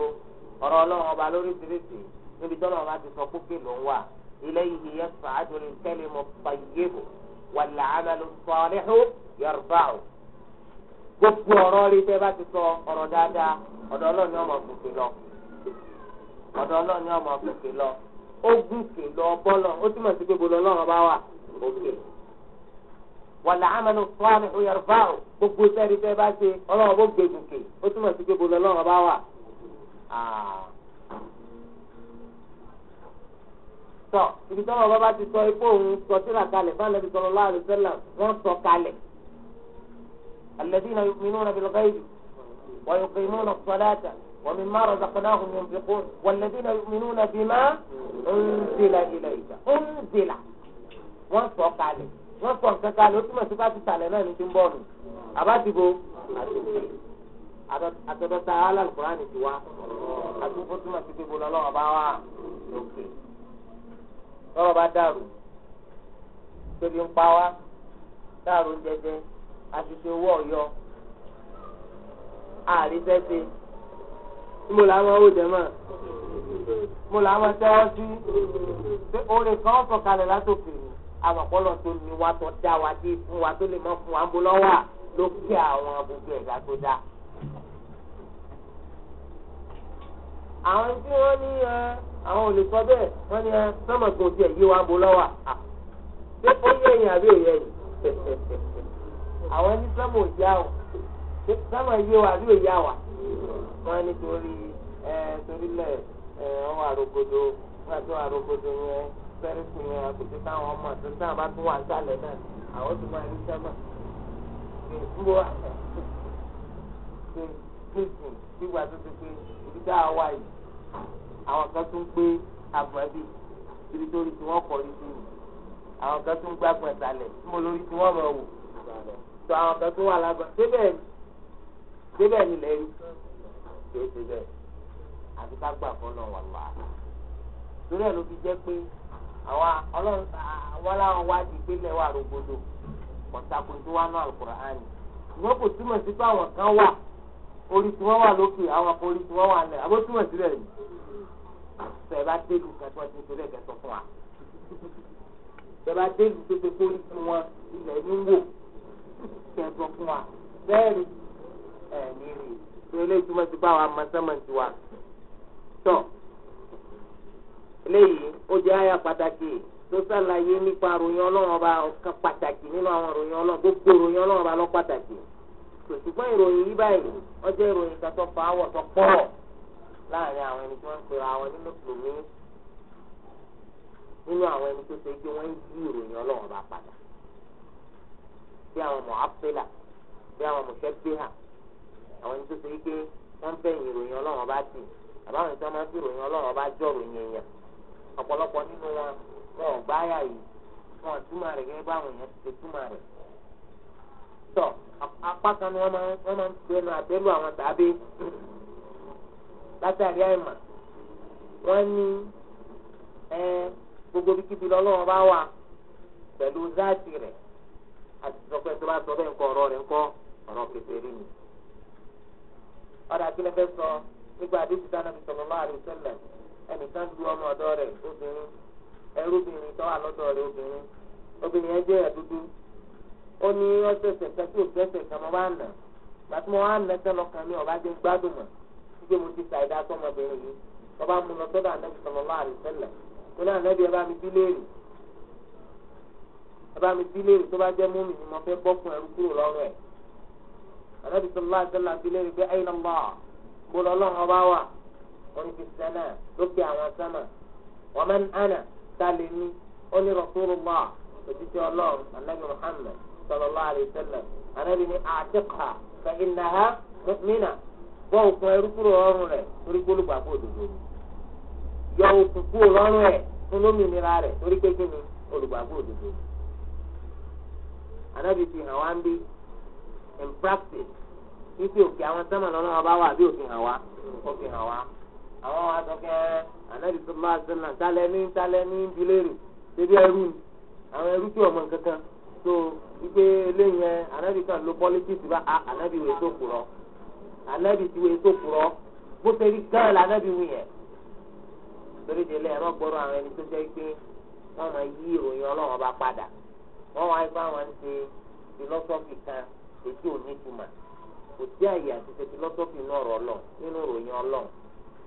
ọ̀rọ̀ ọlọ́run ọba lóríṣiríṣi níbi tọ́lọ́ ọba ti sọ pókè ló wà ilé yìí yẹ fàájúrin kẹ́lẹ́ yorùbá o. gbogbo ọ̀rọ̀ rí tẹ́ bá ti sọ ọ̀rọ̀ dáadáa ọ̀dọ̀ ọlọ́run ni ọmọ ó gùnkè lọ bọ́lọ̀ ó túmọ̀ sí pé bọ́lọ̀ lọ́rọ̀ bá wà òkè. wàlà àmàlù fúnni òyàrúfà ò gbogbo sẹ́ẹ̀rì fẹ́ bá ṣe ọlọ́run bó gbé gùnkè ó túmọ̀ sí pé bọ́lọ̀ lọ́rọ̀ bá wà. sọ ibi tí wọn bá ti sọ ipò òun sọ síra kalẹ̀ fún alẹ́ bisọ̀rọ̀ láàrin sẹ́lẹ̀ wọ́n sọ kalẹ̀ alẹ́ bí na yóò pinnu na bí lọ́kọ́ yìí wọ́n yóò pinnu na sọ́dá ومما رزقناهم ينفقون والذين يؤمنون بما أنزل إليك أنزل wọ́n sọ kalẹ̀ wọ́n sọ nǹkan kalẹ̀ ó túmọ̀ sí bá ti sàlẹ̀ náà ní ti ń bọ̀ nù àbátìbò àtọ̀dọ̀ta alálùkùránì ti wá àtúntò túmọ̀ sí gbogbo lọ́wọ́ bá wà lókè lọ́wọ́ bá dàrú tóbi ń pa wá dàrú jẹjẹ àti owó ọ̀yọ́ àrísẹ́sẹ́ mo là wọn ó jẹmọ mo là wọn sẹwọ sí pé oore kan sọ̀kalẹ̀ látòkè àmọpọlọ tó ní wa tó dá wa dé fún wa tó lè mọ fún wa ń bọ lọ́wọ́ lókè àwọn gbogbo ẹ̀dá tó dá. àwọn tí wọ́n ní ẹ àwọn ò lè sọ bẹ́ẹ̀ wọ́n ní ẹ sọ́mọ̀ kò tiẹ̀ yí wa ń bọ ṣé ó yẹ ẹ̀yìn àbí òye ẹ̀yìn àwọn ní sọ́mọ̀ òjá o sáma yé wa àbí òye àwà wọn nítorí ẹ torílẹ̀ ẹ ọwọ́ àrògodo nígbà tí àrògodo yẹn fẹ́rẹ́sì yẹn àkùtì táwọn ọmọ àti táwọn bá tún wà sálẹ̀ náà àwọn tó máa rí sáma
ní ìdúró àṣà
ṣe kéèkì gbígbà tó ti pé ibi tá a wà yìí àwọn kan tún gbé àgbàdì ibi tó rí tí wọ́n kọ́ rí sí i àwọn kan tún gbàgbọ́n sálẹ̀ tí mo lórí tí wọ́n mọ̀ wò tó àwọn kan tún wà lágbàdì débẹ̀ ni lè rí kìí ṣe bẹ́ẹ̀ àti ká gbà fún náà wà wá. torí ẹ̀ ló fi jẹ́ pé àwa ọlọ́run wọn láwọn wá di gbélé wà rògbòdò pọ̀tàkùn tó wà náà Al-Qur'ani. ìwọ́n kò túmọ̀ sí pé àwọn kan wà orí tí wọ́n wà lókè àwọn kan orí tí wọ́n wà lẹ̀ àbó túmọ̀ sílẹ̀ ni. sọ bá délù kẹtọ ti ṣe bẹ́ẹ̀ kẹtọ fún wa. sọ bá délù pépé kórìkì wọn ilẹ̀ ní wò kẹtọ fún wa. bẹ́ẹ̀ ni ẹ̀ ní rí tó eléyìí túmọ̀ sí báwa máa sánmà tiwa tọ̀ eléyìí ó jẹ́ àyà pàtàkì tó sàlàyé nípa ròyìn ọlọ́run ọba ọ̀kan pàtàkì nínú àwọn ròyìn ọlọ́run gbogbo ròyìn ọlọ́run ọba lọ pàtàkì ṣùgbọ́n ìròyìn yìí báyìí wọ́n jẹ́ ìròyìn kan tó fa àwọ̀ tó pọ̀ láàrin àwọn ẹni tí wọ́n ń pera wọn nínú kùmí nínú àwọn ẹni tó ṣe wọ́n yí ìròyìn ọlọ́run ọba padà bí àwọn mọ̀ àwọn ẹni tó ṣe wípé wọ́n bẹ̀yìn ìròyìn ọlọ́run ọba tì àbáwọn ẹni tó máa ń fi ìròyìn ọlọ́run ọba jọ ròyìn èèyàn ọ̀pọ̀lọpọ̀ nínú wọn wọn ò gbáyà yìí wọn ò túmọ̀ rẹ̀ gẹ́gẹ́ báwọn èèyàn ti ṣe túmọ̀ rẹ̀. tọ apá kan ni wọ́n máa ń gbẹnu àbẹ́lú àwọn tàbí látàrí àìmọ̀ ní ọ̀dà kí ló fẹ́ sọ nígbà àdéhùn dáná fi sọ̀rọ̀ lọ́wọ́ àdéhùn sẹ́lẹ̀ ẹnìkan ju ọmọ ọ̀dọ́ rẹ̀ obìnrin ẹrúbìnrin tó wà lọ́dọ̀ rẹ̀ obìnrin obìnrin yẹn jẹ́ ẹ̀dúdú ó ní ọ̀sẹ̀sẹ̀ kan tí òṣèṣẹ̀ kan mo bá nà gbàtí mo wá nà ẹsẹ̀ lọ́kàn mi ọ̀bá jẹ́ gbádùn mọ̀ síbi mo ti ta ìdá sọmọbìnrin yìí ọba mu lọ sọ́dọ̀ ànábì sọ̀rọ̀ lọ́wọ́ àdéhùn sẹ́lẹ̀ ó ní ànábì ẹ bá mi bí léèrè ẹ bá mi bí léèrè tó bá jẹ́ mọ́mì ni mo fẹ́ bọ́ fún ẹrú kúrò lọ́rùn ẹ̀ anabi sallallahu alayhi wa sallam fi léèrè pé ayna Allah kó lọ́lọ́run ọba wà onífi sẹ́nà lókè àwọn sẹ́nà wa man ana sálẹ̀ ní oní rasulullah òtítọ́ ọlọ́run anabi muhammed sallallahu alayhi wa sallam anabi ní a'tiqha fa innaha mu'mina bọ́ òkun ẹrú kúrò ọrùn rẹ̀ torí gbólógbàgbó òdodo ni
yọ òkun kúrò lọ́rùn rẹ̀
fún lómìnira rẹ̀ torí pé kí ni olùgbàgbọ́ òdodo ni anabi fi hàn wá ń bí in practice iti oke, àwọn sẹ́mọ̀ lọ́nà ọba wà bí òfin hàn wá òfin hàn wá àwọn wa sọ kẹ́ anabi sọlá sọlá talẹ ní talẹ ní bilérì ṣebí ẹrú ni àwọn ẹrú tí ọmọ kankan so wípé eléyìí ẹ kan ló politics bá a ah, anabi wèé tó kùrọ anabi ti wèé tó kùrọ bó ṣe rí gán la anabi wù yẹn torí délé ẹ má gbọ́dọ̀ àwọn ẹni tó pé máa yí ìròyìn ọba padà wá ipá wọn ṣe pé onye ò ní ìtumọ̀ kò sí àyè àti ṣe fìlọ́sọ́fì inú ọ̀rọ̀ ọlọ́run nínú ìròyìn ọlọ́run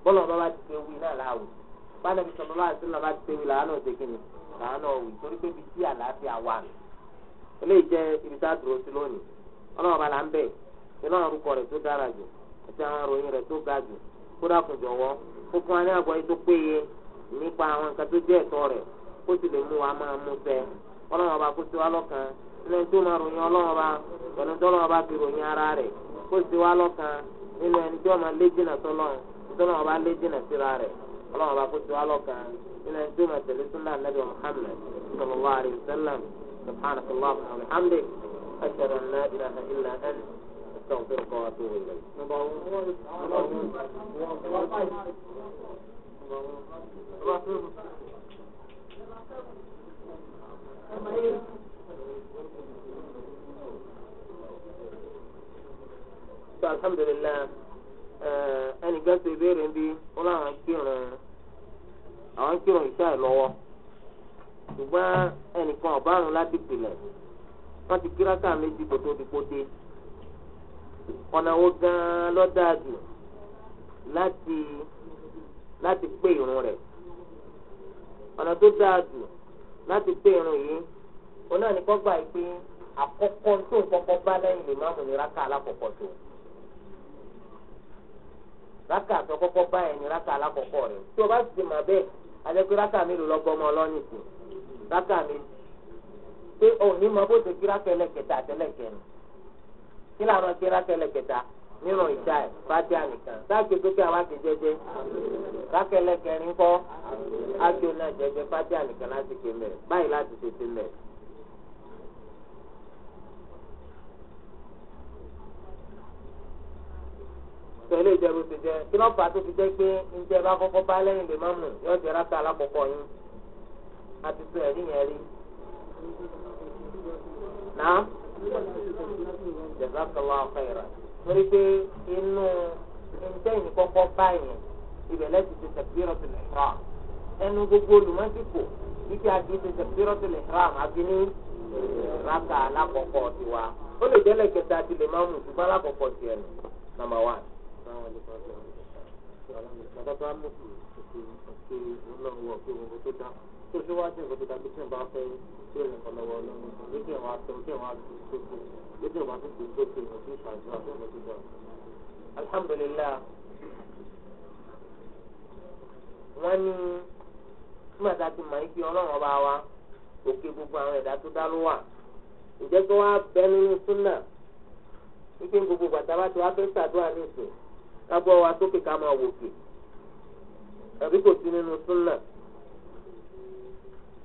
bọ́lọ̀ bá bá ti ṣe wí náà láàwù bá ti wí làánà ibi tá a dúró sí lónìí ọlọ́run bá là ń bẹ̀ rẹ̀ tó dára jù àti àwọn rẹ̀ tó ga jù kó dàkùn jọ̀wọ́ kó fún wa lẹ́yìn tó máa ròyìn ọlọ́run ọba pẹ̀lú tọ́lọ́run ọba fi ròyìn ara rẹ̀ kó sì wá lọ́kàn nínú ẹni tí wọ́n máa lé jìnnà tọ́lọ́run tọ́lọ́run ọba lé jìnnà síra rẹ̀ ọlọ́run ọba kó sì wá lọ́kàn nínú ẹni tó máa tẹ̀lé sunnah nabi muhammed sallallahu alayhi wa sallam subhanahu wa ta'ala alhamdulilayi ashhadu an la ilaha illa anta astaghfiruka wa atubu ilayk. so alhamdulilayi eh, ẹnìkan ṣe ìbéèrè ń bí wọn làwọn kírun àwọn kírun ìṣá ẹ lọ́wọ́ ṣùgbọ́n ẹnìkan ọ̀bárun láti pìlẹ̀ wọ́n ti kíráká méjì kótó ti kóté ọ̀nà wo gan-an lọ́dáa jù láti láti pé irun rẹ̀ ọ̀nà tó dáa jù láti pé irun yìí òun náà ní kọ́ gbà pé àkọ́kọ́ tó ń kọ́kọ́ bá lẹ́yìn lè má mú ní ráká alákọ̀ọ́kọ́ tó. raka tó kọ́kọ́ bá ẹni rákà alákọ̀ọ́kọ́ rẹ̀ o bá sì mà bẹ́ẹ̀ ajẹ́ pé rákà lọ́gbọ́n ọmọ sí mi pé òní mọ bó ṣe kí rákà ẹlẹ́kẹta àtẹlẹ́kẹrin kí làwọn kí rákà ẹlẹ́kẹta nínú ìjà ẹ̀ fàdí ànìkan sáàkì sókè àwọn àti jẹjẹ ẹlẹ́kẹrin kọ́ ájò náà jẹjẹ tẹ̀lé ìjẹ́bù ti jẹ́ kí lọ́ọ̀fà tó fi jẹ́ pé njẹ́ bá kọ́kọ́ bá lẹ́yìn lè máa mú yọ jẹ́ rákà alákọ̀ọ́kọ́ yín àti sọ ẹ̀rí yẹn rí. náà jazakallahu khairan torí pé inú ntẹ́yìn kọ́kọ́ báyìí ibẹ̀ lẹ́sìn ti takbiratul ihram ẹnu gbogbo olùmọ́síkò wípé àti ti takbiratul ihram àbí ní rákà alákọ̀ọ́kọ́ tiwa ó lè jẹ́ lẹ́kẹta àti lè máa mú ṣùgbọ́n alákọ̀ọ́kọ́ tiẹ̀ nù nàmbà wán bàbá bá mú kí kí ọlọ́run wọ̀ pé gbogbo tó dá tó ṣe wá sí nǹkan tó dá pé tí n bá alhamdulilayi wọ́n ní nígbà tá a ti mọ̀ ní kí ọlọ́run ọba wa òkè gbogbo àwọn ẹ̀dá tó dá ló wà ìjẹ́ tó wá bẹ́ nínú súnà wípé gbogbo gbàtà bá ti wá fẹ́ ṣàdúrà ní ìsìn kábọ̀ wa sókè ká máa wòkè tàbí kò sí nínú súnà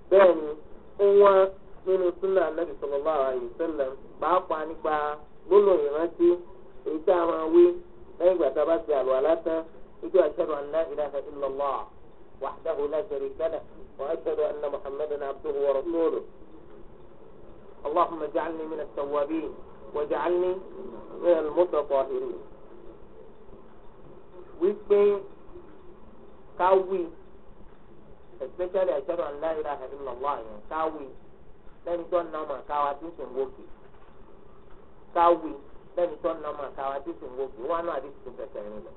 bẹ́ẹ̀ ni ó wá nínú súnà anábì sallallahu alaihi wasallam pàápàá nípa gbólóhùn ìrántí èyí tá a máa wí lẹ́yìn ìgbà tá a bá ti àlùwàlá tán ojú ashhadu an la ilaha illallah wahdahu la sharika lahu wa ashhadu anna muhammadan abduhu wa rasuluhu. اللهم اجعلني من التوابين واجعلني من المتطهرين wípé káwí especially ashhadu an la ilaha illallah àyàn káwí lẹ́ni tó ń nà ọmọ káwa tí ń sìn wókè káwí lẹ́ni tó ń nà ọmọ káwa tí ń sìn wókè wọn náà àdìsí tó fẹsẹ̀ rìn lọ.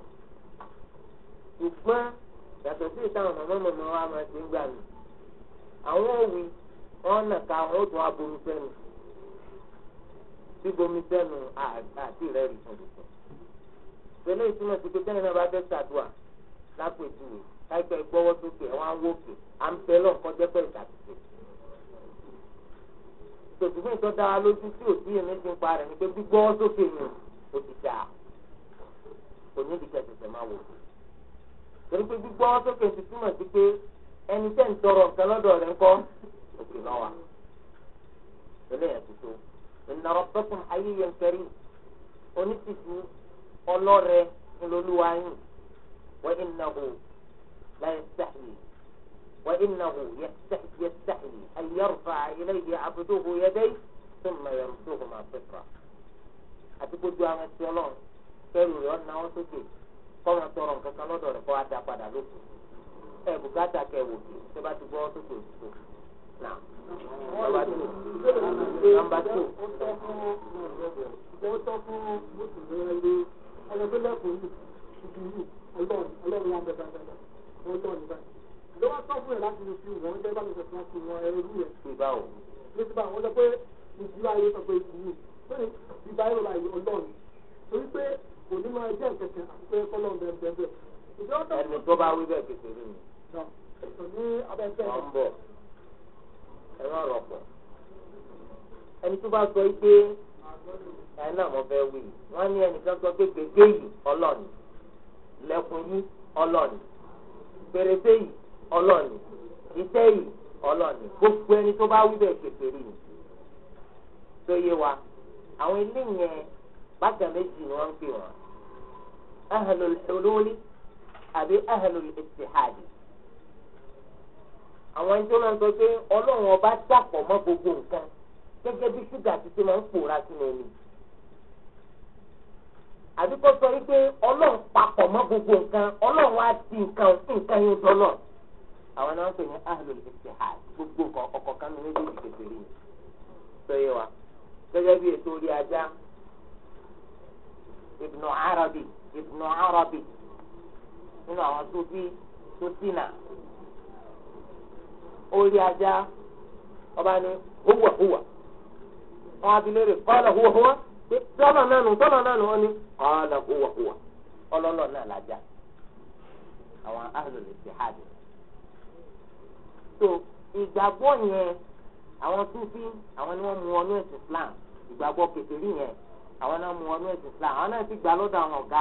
ṣùgbọ́n yàtọ̀ sí ìtàn ọmọ mọ́mọ́ wa máa ti ń gbà mí àwọn òwì wọn nà ká wọn ó tún abomi sẹ́nu bíbomi sẹ́nu àti rẹ́ẹ̀rì tuntun pẹ̀lú ìtumọ̀ sí pé tẹ́lẹ̀ náà bá fẹ́ ṣàdúrà lápèjúwe láìpẹ́ gbọ́wọ́ sókè àwọn awókè à ń bẹ lọ́n kọjá pẹ̀ ìdàtìsí. tòṣùgbọ́n ìtọ́ dára lójú tí òsì èmi ti ń pa ni pé gbígbọ́wọ́ sókè ni ó ti dà kò ní ìdíkẹ́ tẹ̀sẹ̀ máa wò torí pé gbígbọ́wọ́ sókè ti túmọ̀ sí pé ẹni tẹ́ ń tọrọ nǹkan lọ́dọ̀ rẹ̀ ńkọ́ òkè náà wà. eléyàn ti tó ìnáwó pẹ́kùn ayé yẹn kẹrí onítìsí ọlọ́rẹ ńlọlúwa yín wọ́n yín náà hù láyé sáyé. وإنه يستحيي أن يرفع إليه عبده يديه ثم يردهما صفرا àtikó ju àwọn ẹsẹ Ọlọ́run kẹrù rẹ ọ̀nà wọn sókè kọ́mọ tọrọ nǹkan kan lọ́dọ̀ rẹ kọ́ á dá padà lókè ẹ bùkátà kẹwò kì tó bá ti gbọ́ sókè òṣìṣẹ́ náà nọ́mbà tó nọ́mbà tó. ó tọ́ fún bó tilẹ̀ lé ẹlẹgbẹlẹkùn yìí ibi yìí ọlọ́run ọlọ́run wọn bẹ dáadáa ọlọ́run báyìí lọ́wọ́ tó fún ẹ láti ní fi wọn ẹgbẹ́ bá mi sọ̀tún wọn ẹrú ẹ. ìgbà o. nígbà wọn sọ pé ìdílé ayé sọ pé ìdílé pé ìgbà yóò la yọ ọlọ́run torí pé kò ní máa jẹ́ ìkẹ̀kẹ̀ àti pé kọ́lọ́ ẹni tó bá sọ pé. ẹ náà mo fẹ́ wí wọ́n ní ẹnìkan sọ pé gbègbè yìí ọlọ́ọ̀ni lẹ́kùn yìí ọlọ́ọ̀ni pèrèsè yìí ọlọ́ọ̀ni iṣẹ́ yìí gbogbo ẹni tó bá wí bẹ́ẹ̀ kékeré tó yé wa àwọn ilé yẹn méjì ni wọ́n ń pè wọ́n àbí gẹ́gẹ́ bí ṣúgà títí máa ń pòórá sínú omi. àbí kó sọ wípé ọlọ́run papọ̀ mọ́ gbogbo nǹkan ọlọ́run wá di nǹkan nǹkan yẹn àwọn náà ń pè ní ahlul gbogbo nǹkan ọkọ̀ kan ní méjèèjì sọ yẹ wa gẹ́gẹ́ bí ètò orí ajá nínú àwọn tó bí tó wọn á bi léèrè kọ́lá huwa huwa pé tọ́lọ̀ náà nù tọ́lọ̀ náà nù wọ́n ní kọ́lá huwa huwa so ìgbàgbọ́ yẹn àwọn sufi àwọn ni wọ́n mú wọnú ẹ̀sìn Islam ìgbàgbọ́ kékeré yẹn àwọn náà mú ẹ̀sìn Islam àwọn náà ti gbà lọ́dọ̀ àwọn ọ̀gá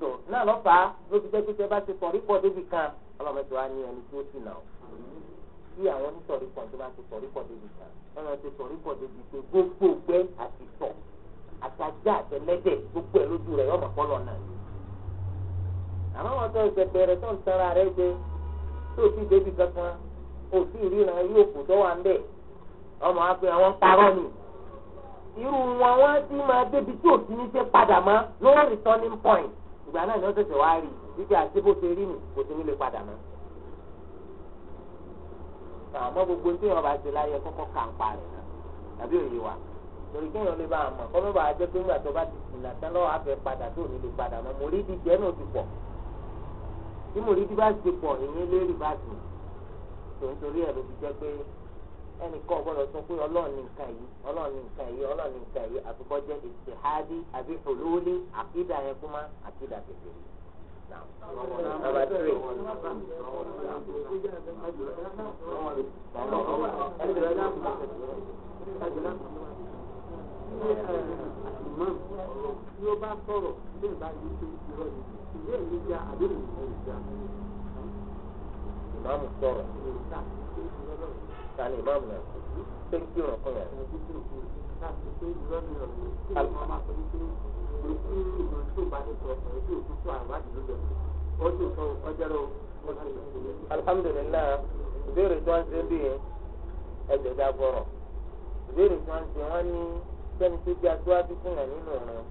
tó náà lọ fà á ló fi jẹ́ pé tẹ́ bá ti sọ̀rí pọ̀ débi kan ọlọ́mọ ti wá ní ẹni tí ó sì nà ó tí àwọn onísọ̀rí pọ̀ tó bá ti sọ̀rí pọ̀ débi kan ọlọ́mọ ti sọ̀rí pọ̀ débi pé gbogbo gbẹ́ àti sọ̀ àtàjà àtẹlẹ́dẹ̀ gbogbo ẹ̀ lójú rẹ̀ yọ̀mọ̀ kọ́lọ̀ náà àmọ́ wọn tó ṣe bẹ̀rẹ̀ tó ń tara rẹ̀ gbé tó ti débi kankan kò sí ìríran yóò kò tó wà ń bẹ̀ ọmọ wa pé àwọn ń parọ́ ni irú wọn wá sí máa débi tí ò ti ní ṣe padà mọ́ lórí returning point ìgbà náà ni ó tẹ̀sẹ̀ wá rí wípé àti bó ṣe rí nì kò sí nílé padà mọ́. àmọ́ gbogbo tí èèyàn bá ṣe láyé kọ́kọ́ kà ń pa rẹ̀ náà tàbí òye wa torí kéèyàn lè bá a mọ̀ kọ́ mẹ́bàá á jẹ́ pé ńgbà tó bá ti sìn lásán lọ́wọ́ àfẹ́ padà tó nílé padà mọ́ mòrí di jẹ́ náà ti pọ̀ tí mòrí di bá ti pọ̀ èyí lérí bá ti tòun torí ẹ̀ ló fi jẹ́ pé ẹnìkan gbọ́dọ̀ sọ pé Ọlọ́run ni nǹkan yìí Ọlọ́run ni nǹkan yìí Ọlọ́run ni nǹkan yìí àfikọ́ jẹ́ akịda àbí olóòlì àkídà yẹn àkídà sani imam náà pé kí wọn fún yàrá. alhamdulilayi ìbéèrè tí wọn ṣe bí ẹjọ dá bọrọ ìbéèrè tí wọn ṣe wọn ní sẹni tó jẹ aṣáájú fún yàrá nínú ọrùn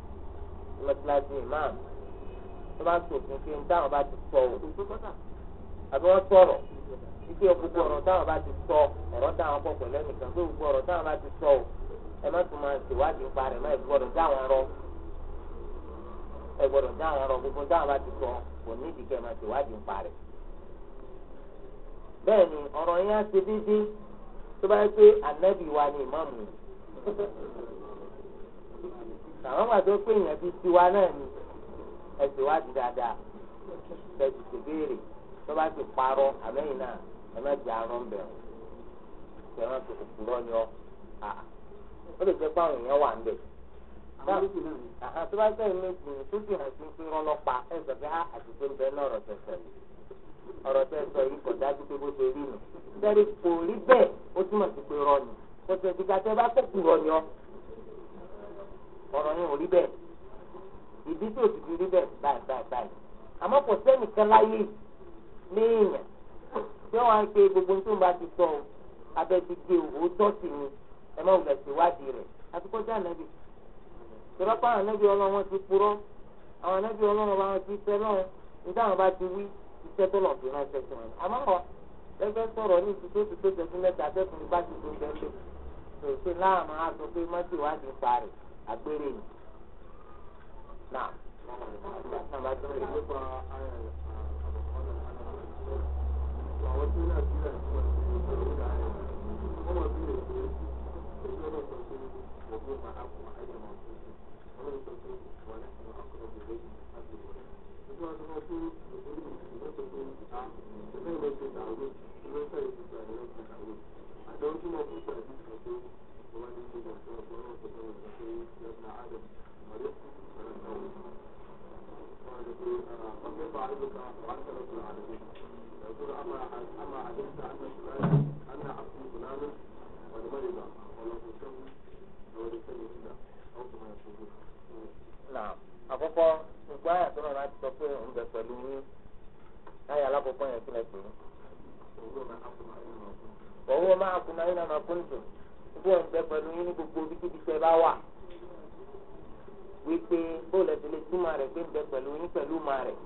mọtíláṣí imam tó bá sòfin kí n táwọn bá ti sọ ọ àbí wọn sọ̀rọ̀. ìgbé gbogbo ọ̀rọ̀ táwọn bá ti sọ ẹ̀rọ táwọn pọ̀ pẹ̀lú ẹnìkan pé gbogbo ọ̀rọ̀ táwọn bá ti sọ o ẹ má tún máa ṣèwádìí nípa rẹ̀ má ẹ gbọ́dọ̀ dáwọn rọ ẹ gbọ́dọ̀ dáwọn rọ gbogbo táwọn bá ti sọ kò ní máa ṣèwádìí ẹ má jẹ àrùn bẹ̀ ọ́ ṣe wọn ti òpùrọ̀ ni ọ́ ó lè jẹ́ pé àwọn èèyàn wà ń bẹ̀. tó bá sẹ́yìn méjì ní tó sì hàn sí pé wọ́n lọ pa ẹ̀ sọ̀kẹ́ á àtìkè ń bẹ ní ọ̀rọ̀ tẹ̀sẹ̀ yìí ọ̀rọ̀ tẹ̀sẹ̀ yìí kò dájú pé bó ṣe rí nù sẹ́rí kò rí bẹ́ẹ̀ ó túmọ̀ sí pé rọ ni kò tẹ̀ síta tẹ́ bá kókù rọ ni ọ̀rọ̀ yẹn ò rí bẹ́ẹ̀ ìdí tí òtítù rí bẹ́ẹ̀ báyìí báyìí báyìí àmọ́ kò sẹ́nìkan láyé ní èèyàn pé wọn á pe gbogbo tó ń bá ti sọ o abẹ ti gbé òótọ́ sí ni ẹ má wùlẹ̀ ṣèwádìí rẹ̀ àti kọjá ànábì ìrọ́pọ̀ àwọn ànábì ọlọ́run ti purọ́ àwọn ànábì ọlọ́run bá wọn ti tẹ́ lọ́run nígbà wọn bá ti wí iṣẹ́ tó lọ́ọ̀ fi ránṣẹ́ sí wọn. àmọ́ wọn lẹ́gbẹ́ sọ̀rọ̀ ní ìtútù tó tó jẹ́sí mẹ́ta abẹ́kùnrin bá ti tó bẹ́ẹ̀ lò tó láàmú á pé má ti wádìí pa rẹ̀ ni.
Thank you.
àyà tó náà ti sọ pé òun bẹ pẹ̀lú yín àyà alákọ̀ọ́kọ́ yẹn kílẹ̀ pé owó máa kùnà yín náà máa kún tù bí òun bẹ pẹ̀lú yín ní gbogbo bíkíbi tẹ bá wà wípé bóòlù ẹ̀sìn lè túmọ̀ rẹ̀ pé ń bẹ pẹ̀lú yín pẹ̀lú màá rẹ̀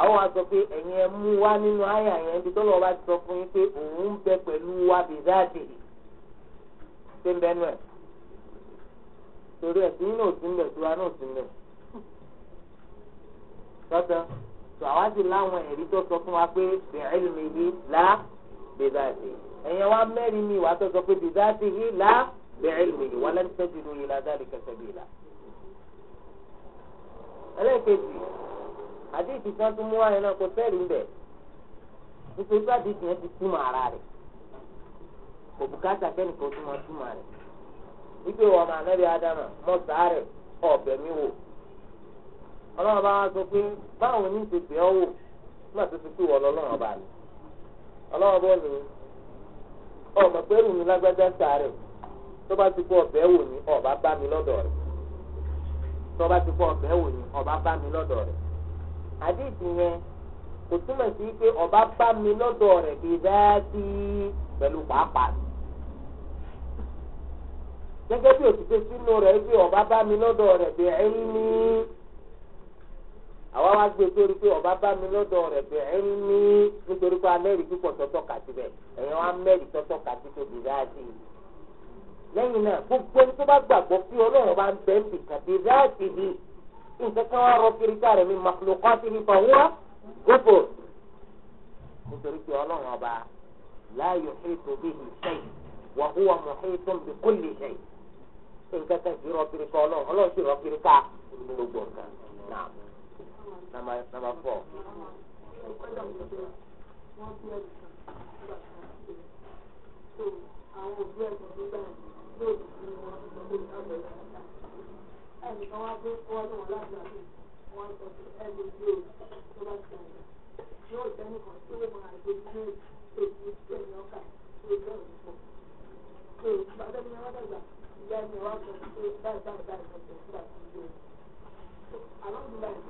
àwọn àsọ pé ẹ̀yin ẹ mú wá nínú àyà yẹn ibi tó lọ́ọ́ bá ti sọ fún yín pé òun ń bẹ pẹ̀lú wa bèzáàdì ṣé ń bẹ́ẹ̀ nù ẹ̀ torí ẹ̀sìn náà ò sí ń bẹ̀ tiwa náà ò sí ń bẹ̀ tọ́tọ́ tó àwọn ti láwọn ẹ̀rí tó sọ fún wa pé bẹ̀rẹ̀ mi yìí lá bẹ̀rẹ̀ àti ẹ̀yẹn wa mẹ́rin mi wà tó sọ pé bẹ̀rẹ̀ àti yìí lá bẹ̀rẹ̀ mi yìí wọlé tẹ́jú ló yẹ ládàrí kẹsẹ̀ bí la. ẹlẹ́ẹ̀kejì àdéhìí kan tó mú wáyé náà kò sẹ́ẹ̀rì ń bẹ̀ nítorí bá àdéhìí yẹn ti túmọ̀ ara rẹ̀ kò bùkátà kẹ́nìkan tó túmọ̀ rẹ̀ wípé wọn máa nẹ́bí ọlọ́run bá wá sọ pé báwo ní ìpèpè ọ́ wò nígbà tó ti pè wọ́n lọ́lọ́run ọba ni ọlọ́run bọ́ ni ọmọ pẹ́rù mi lágbájá sáré tó bá ti pọ̀ ọ̀fẹ́ wò ni ọba bá mi lọ́dọ̀ rẹ̀ tó bá ti pọ̀ ọ̀fẹ́ wò ni ọba bá mi lọ́dọ̀ rẹ̀ àdéhìí yẹn kò túmọ̀ sí pé ọba bá mi lọ́dọ̀ rẹ̀ kì í dáa sí pẹ̀lú pàápàá gẹ́gẹ́ bí òtítọ́ sínú rẹ̀ pé ọba bá mi lọ́dọ̀ rẹ̀ bẹ̀rẹ̀ ní àwa wá gbé torí pé ọba bá mi lọ́dọ̀ rẹ̀ pé ẹ ń ní nítorí pé amẹ́rì púpọ̀ tọ́tọ́ kàti bẹ̀ ẹ̀yàn wa mẹ́rì tọ́tọ́ kàti tó di ráàtì lẹ́yìn náà gbogbo ẹni tó bá gbàgbọ́ pé ọlọ́run bá ń bẹ́ẹ̀ ń bìkan di ráàtì yìí nǹkan kan wá rọ kiriká rẹ̀ mi màkùlùkọ́tì ní fàwọ́ gbogbo nítorí pé ọlọ́run ọba láàyò ètò bíi ṣẹ́yìn wà húwa muhitun bi kulli shay nǹkan kan sì rọ kiriká ọlọ́run ọlọ́run sì rọ kiriká gbogbo nǹkan náà. Number, fọ. àwọn òbí alhamdulilayi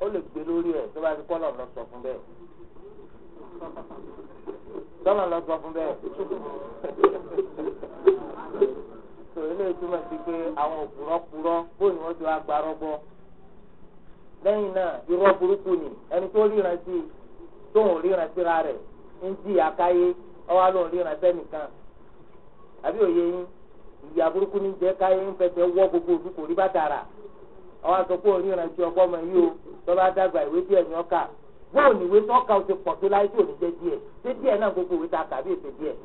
ó lè gbé lórí ẹ tó bá ti kọ́ lọ́ọ́ lọ sọ fún bẹ́ẹ̀. sọ́nà lọ sọ fún so sọ eléyìí sí pé àwọn òpùrọ̀pùrọ̀ bóun ni wọ́n ti wá gbarọ́ gbọ́. lẹ́yìn náà irọ́ burúkú ni ẹni tó ríran sí i tóun ríran síra rẹ̀ ń jìyà káyé ọwọ́ lóun ríran sẹ́nìkan. àbí òye yín ìyá burúkú ní jẹ́ káyé ń fẹsẹ̀ wọ́ gbogbo òbí kò rí bàtà àtọ́kùn òríran sí yìí o tó bá dàgbà ìwé bóò ní ìwé tọ́ka o ti pọ̀ tó láyé tí ò ní jẹ́ díẹ̀ ṣé díẹ̀ náà gbogbo ìwé ta tàbí èsè díẹ̀.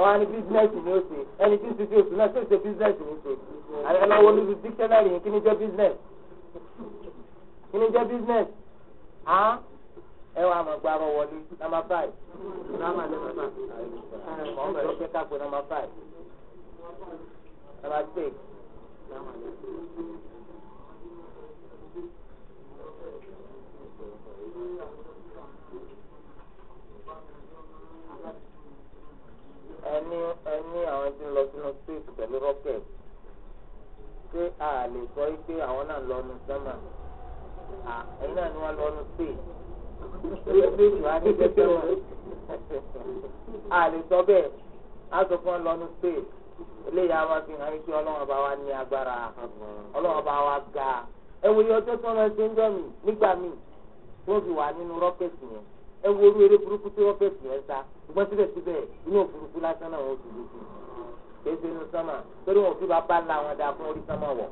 ọ̀rọ̀ ni bísínẹ́sì ni ó ṣe ẹni tí ń ṣe oṣù náà ṣe ṣe bísínẹ́sì ni ṣe. àrẹ lọ́wọ́ níbi díkẹ́lẹ́rì yìí kí ni jẹ́ bísínẹ́sì. kí ni jẹ́ bísínẹ́sì. ẹ wà mọ̀ gba ọ̀rọ̀ wọlé nàmbà fáì. ọmọ ẹ̀ ṣe kápẹ́ nàmbà fáì. nàmbà sèk ẹni ẹni àwọn tí ń lọ sínú space pẹ̀lú rocket ṣé a lè sọ pé àwọn náà lọ nu sẹ́mà ẹni náà ni wọ́n lọ nu space ṣé space wà ní kẹsẹ́ wọn a lè sọ bẹ́ẹ̀ a sọ fún ọ lọ nu space eléyìí a máa fi hàn yín pé ọlọ́wọ́n bá wa ní agbára ọlọ́wọ́n bá wa ga ẹ wo iye ọjọ́ tí wọ́n máa ń ṣe mi nígbà míì wọ́n fi wà nínú rọ́kẹ̀tì yẹn ẹ wo orú eré burúkú tí rọ́kẹ̀tì yẹn sá ṣùgbọ́n síbẹ̀síbẹ̀ inú òfurufú lásán náà wọ́n ti lù sí kéde inú sánmà torí wọn ò fi bá bá la wọn dáa fún orí sánmà wọ̀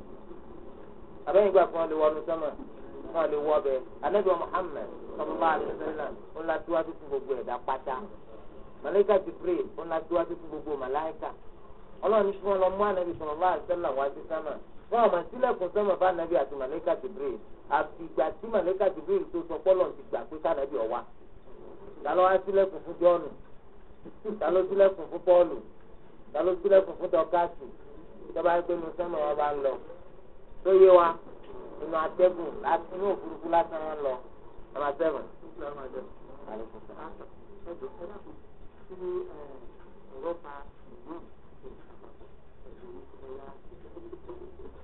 àbẹ́yìn gbà fún wọn lè wọ inú sánmà fún wọn lè wọ ọbẹ̀ Ànábì Muhammad sallallahu alaihi wasallam ńlá tiwájú fún gbogbo ẹ̀dá pátá màláíkà Jibril ńlá tiwájú fún gbogbo màláíkà ọlọ́run ní fún wọn lọ mú Ànábì sallallahu alaihi wasallam wá sí sánmà wọn àmà sílẹ̀kùn sọ́mà bá nàbí àti màlẹ́kà Jibril àfìgbà tí màlẹ́kà Jibril tó sọ pọ́lọ̀ ti gbà pé kànàbí ọ̀wá taló wá sílẹ̀kùn fún jọ́ọ̀nù taló sílẹ̀kùn fún pọ́ọ̀lù taló sílẹ̀kùn fún dọ́kásì tọ́ba yẹ pé nu wọn bá ń lọ tó yé wa inú atẹ́gùn láti inú òfurufú lásán wọn lọ nàmà sẹ́fọ̀n. Ah, eh, ọ̀rọ̀ pa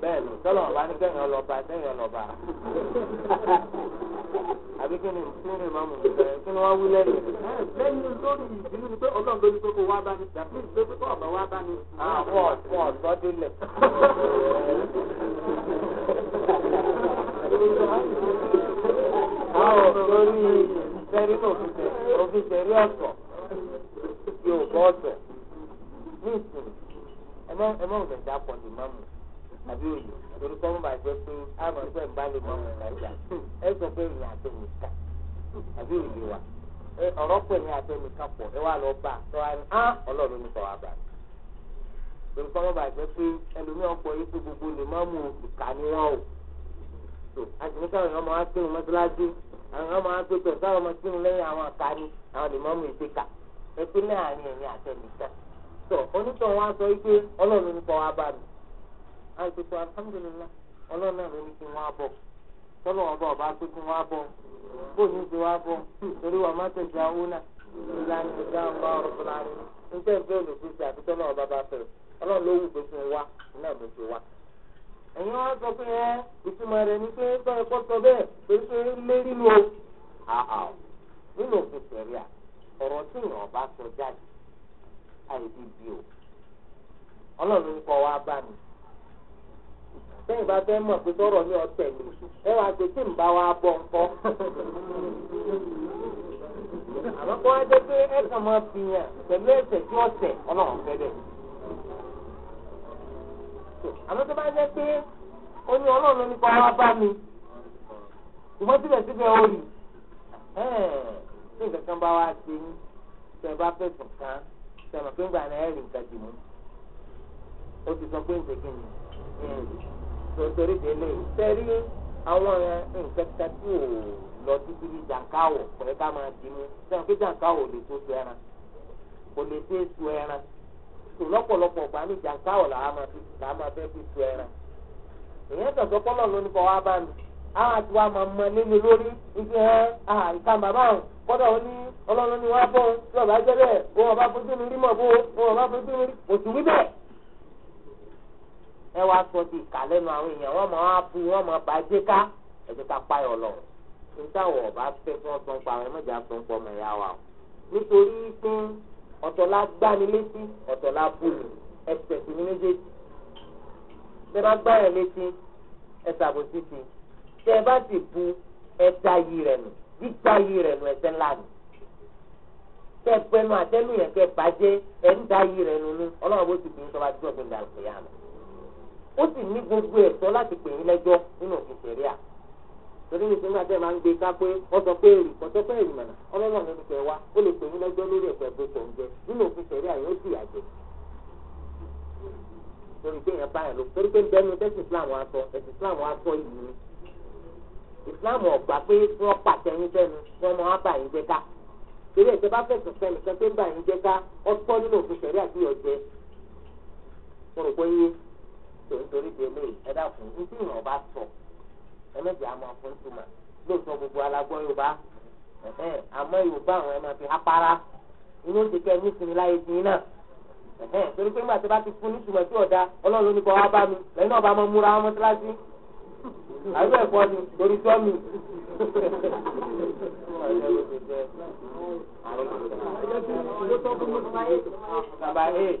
bẹ́ẹ̀ tọ́lọ̀ ọba ní ọlọ́ba ọlọ́ba àbí kí ni mú mi bẹ́ẹ̀ kí ni wọ́n wí lẹ́yìn. lẹ́yìn ni pé ọlọ́run wá bá mi dàbí ìgbé ọ̀bà wá bá mi. àwọn ọ̀sán ọ̀sán délẹ̀. àwọn òfin yóò bọ́ àbí òye torí kọ́ bá jẹ́ pé àmọ́ ẹgbẹ́ ń bá lè mọ mùsàlùmá ẹ sọ pé ìrìn àti mùsà àbí òye wa ọ̀rọ̀ pẹ̀ ní àtẹnìkan pọ̀ ẹ wá lọ bá a sọ àní á ọlọ́run ní sọ̀rọ̀ àbá torí kọ́ bá jẹ́ pé ẹlòmíràn pọ̀ yìí pé gbogbo lè má mú ìkà ní wọn o àtìníkà àwọn ọmọ wa kírun mọ́tíláṣí àwọn ọmọ wa pé tọ̀ sáwọn ọmọ kírun lẹ́yìn àwọn àkàní àwọn lè má mú ìṣèkà ẹ pé láàrin ẹ̀yìn àtẹnìkan tọ̀ onítọ̀ wa sọ wípé ọlọ́run ní sọ̀rọ̀ àbá mi àìsètò alhamdulilah ọlọ́run náà ló ní kí wọ́n á bọ̀ tọ́lọ̀ wọn bá ọba pé kí wọ́n á bọ̀ bó ní ti wọ́n á bọ̀ torí wọn má tẹ̀sí àwọn náà ìlànà ìjà ń bá ọ̀rọ̀ fúnra rẹ̀ nígbà tí olè fi ṣe àti tọ́lọ̀ ọba bá fẹ̀rẹ̀ ọlọ́run ló wù pé kí wọ́n wá náà ló ti wá. ẹ̀yin wọn sọ pé ẹ ìtumọ̀ rẹ̀ ni pé bẹ́ẹ̀ kọ́ sọ bẹ́ẹ̀ pé pé lérí ni o àhàó nínú òfin sẹ̀ríà ọ̀rọ̀ tí èèyàn bá sọ jáde àìdí bí o ọlọ́run ń wá bá mi sẹ́yìn bá fẹ́ mọ̀ pé sọ̀rọ̀ ní ọ̀tẹ̀ mi ẹ wá pé tí n bá wa bọ̀ ńkọ́. àmọ́ kó wá jẹ́ pé ẹ kàn máa fi hàn pẹ̀lú ẹ̀sẹ̀ tí ọ̀sẹ̀ ọlọ́run fẹ́ bẹ̀. àmọ́ tó bá jẹ́ pé ó ní ọlọ́run ló ní kọ́ wá bá mi ṣùgbọ́n síbẹ̀síbẹ̀ ó rì tí nǹkan kan bá wá ṣe yín tẹ bá fẹ̀sùn kàn tẹ mọ̀ pé ń gbà náà ẹ̀rì nǹkan jì mú ó ti sọ pé ń ṣe kí ni ẹ̀rì. nítorí délé ìtẹ́rí àwọn nǹkan kan tí ò lọ títí bí jàǹkáwò pé ká máa di mú sẹ́wọ̀n pé jàǹkáwò lè tó so ẹran kò lè tó so ẹran tó lọ́pọ̀lọpọ̀ ní jàǹkáwò làá máa fẹ́ fi so ẹran tọ̀tọ̀ kọ́lọ̀ ló ní kọ́ wá bá mi àwọn àti wa máa mọ nínú lórí ibi hàn bàbá òun kọ́dọ̀ ó ní ọlọ́run ni wọ́n ẹ wá sọ di ìkàlẹ́nu àwọn èèyàn wọ́n máa wá bu wọ́n máa bá jẹ́ ká ẹ̀jẹ̀ ká páyọ̀ lọ. níta wọ̀ ọ̀bá fẹ́ fún ọ̀sán pa àwọn ẹ̀mọ́jà sọ pọ̀ mọ̀ ẹ̀yà wa. nítorí pé ọ̀tọ̀lá gbani létí ọ̀tọ̀lá bùnú ẹsẹ̀ sí ní méjèèjì. tẹ bá gbá yẹn létí ẹ ṣàbòsí sí tẹ bá sì bu ẹta yìí rẹ̀ nù gbígbá yìí rẹ̀ nù ẹsẹ̀ ńlá nù kẹ pẹnu àtẹnu yẹn kẹ bàjẹ́ ẹ ń da yìí rẹ̀ nù ní ọlọ́run bó ti bìí sọ bá dúró gbẹndà lùkìyàmù. ó sì ní gbogbo ẹ̀tọ́ láti pè yín lẹ́jọ́ nínú òfin ṣẹ̀ríà torí ní sinmi àti máa ń gbé ká pé ó sọ pé èrì kọ́ sọ pé mọ̀nà ọlọ́run ó lè pè yín lẹ́jọ́ lórí nínú òfin ṣẹ̀ríà yóò sì torí pé èèyàn báyìí torí pé ń bẹnu tẹ́sí Islam wa sọ ẹ̀sìn Islam wa sọ yìí ni Islam tó nítorí délé ẹ dákun nítorí ìrìn ọba sọ ẹ mẹ́jọ àmọ́ fún túmọ̀ lóòótọ́ gbogbo alágbọ́ yorùbá àmọ́ yorùbá àwọn ẹ máa fi apara inú ti kẹ́ ní sinmi láyé sí iná torí pé nígbà tí bá ti fún ní túmọ̀ tí ọ̀dà ọlọ́run ló ní kọ́ wá bá mi lẹ́yìn náà bá mọ múra ọmọ tíláṣí àbí ẹ̀kọ́ ni torí tọ́ mi. Bàbá eight.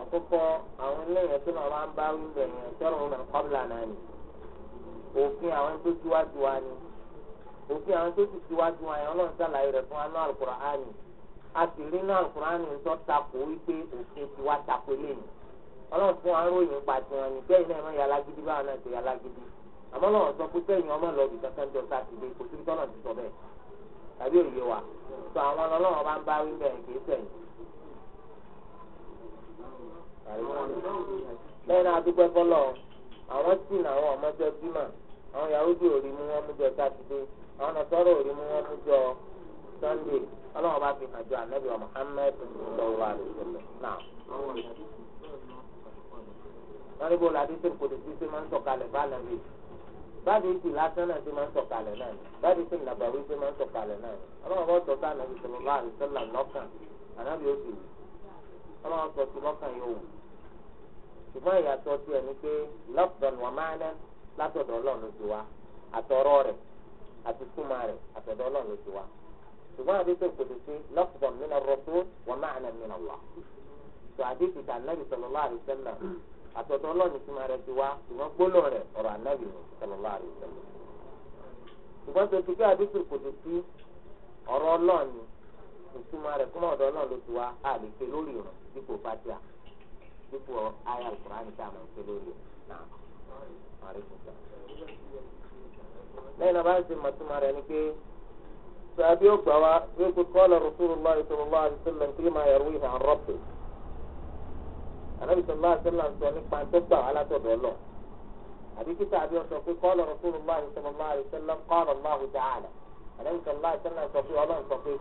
ọkụkọ àwọn eléyìí tí màá wá ń bá wí yẹn sọ̀rọ̀ wọn mẹ́rin kọ́bìlà náà ni òfin àwọn tó síwájú wa ni òfin àwọn tó wa yẹn ọlọ́run sàlàyé fún wa náà a sì rí náà ń tọ́ takò wípé òfin takò ọlọ́run fún wa ń ròyìn ni bẹ́ẹ̀ náà yẹn alágídí báwọn náà ti alágídí àmọ́ lọ́wọ́ sọ pé sẹ́yìn ọmọ lọ́ọ̀bì kankan jọ sátidé kò sí tọ́lọ̀ tàbí òye sọ àwọn lẹ́yìn náà adúpẹ́ fọlọ́ àwọn sì ní àwọn ọmọdé bímọ àwọn Yahudi ò rí mú wọn mú jọ sátidé àwọn nàṣọ́rọ̀ ò rí mú wọn mú jọ sunday ọlọ́wọ́n bá fi hàn jọ anabi wa muhammed sọ̀rọ̀ àlùsọ̀lẹ̀ náà. wọ́n ní bó ladí tó kò tètè tó máa ń sọ̀kalẹ̀ bá nàbí báàdì ìtì lásán náà tó máa ń sọ̀kalẹ̀ náà báàdì ìtì nàbàwí tó máa ń sọ̀kalẹ̀ náà ọlọ́wọ́n bá sọ̀tọ̀ ṣùgbọ́n ìyàtọ̀ tiẹ̀ ni pé lafdan wa ma'na látọ̀dọ̀ ọlọ́run ló ti wá àtọ̀rọ̀ rẹ̀ àti súnmọ́ rẹ̀ àtọ̀dọ̀ ọlọ́run ló ti wá ṣùgbọ́n àdéhùn kòtò sí lafdan min ar-rasul wa ma'na min Allah tó àdéhùn tà nàbì sallallahu alaihi wasallam àtọ̀dọ̀ ọlọ́run súnmọ́ rẹ̀ ti wá ṣùgbọ́n gbólóhùn rẹ̀ ọ̀rọ̀ ànábì sallallahu alaihi wasallam ṣùgbọ́n tó ti gbé àdéhùn kòtò sí ọ̀rọ̀ ọlọ́run ìtumọ̀ rẹ̀ kọ́mọ̀ọ́dọ̀ ọlọ́run ti wá àlè dípò ayé àlùkòrò àdìsá àmọ́ ìpele rẹ̀ náà àríkù sọ. lẹ́yìn náà bá ń ṣe màtúmọ̀ rẹ̀ ni pé sàbí ó gbà wá wípé kọ́lá rasulillah sallallahu alaihi wasallam kí máa yẹrù ìhà rọ́pì. ànábì sallallahu alaihi wasallam sọ nípa tó gbà wá látọ̀dọ̀ lọ. àbí kí sàbí ó sọ pé kọ́lá rasulillah sallallahu alaihi wasallam qala Allahu ta'ala. ànábì sallallahu alaihi wasallam sọ pé ọlọ́run sọ pé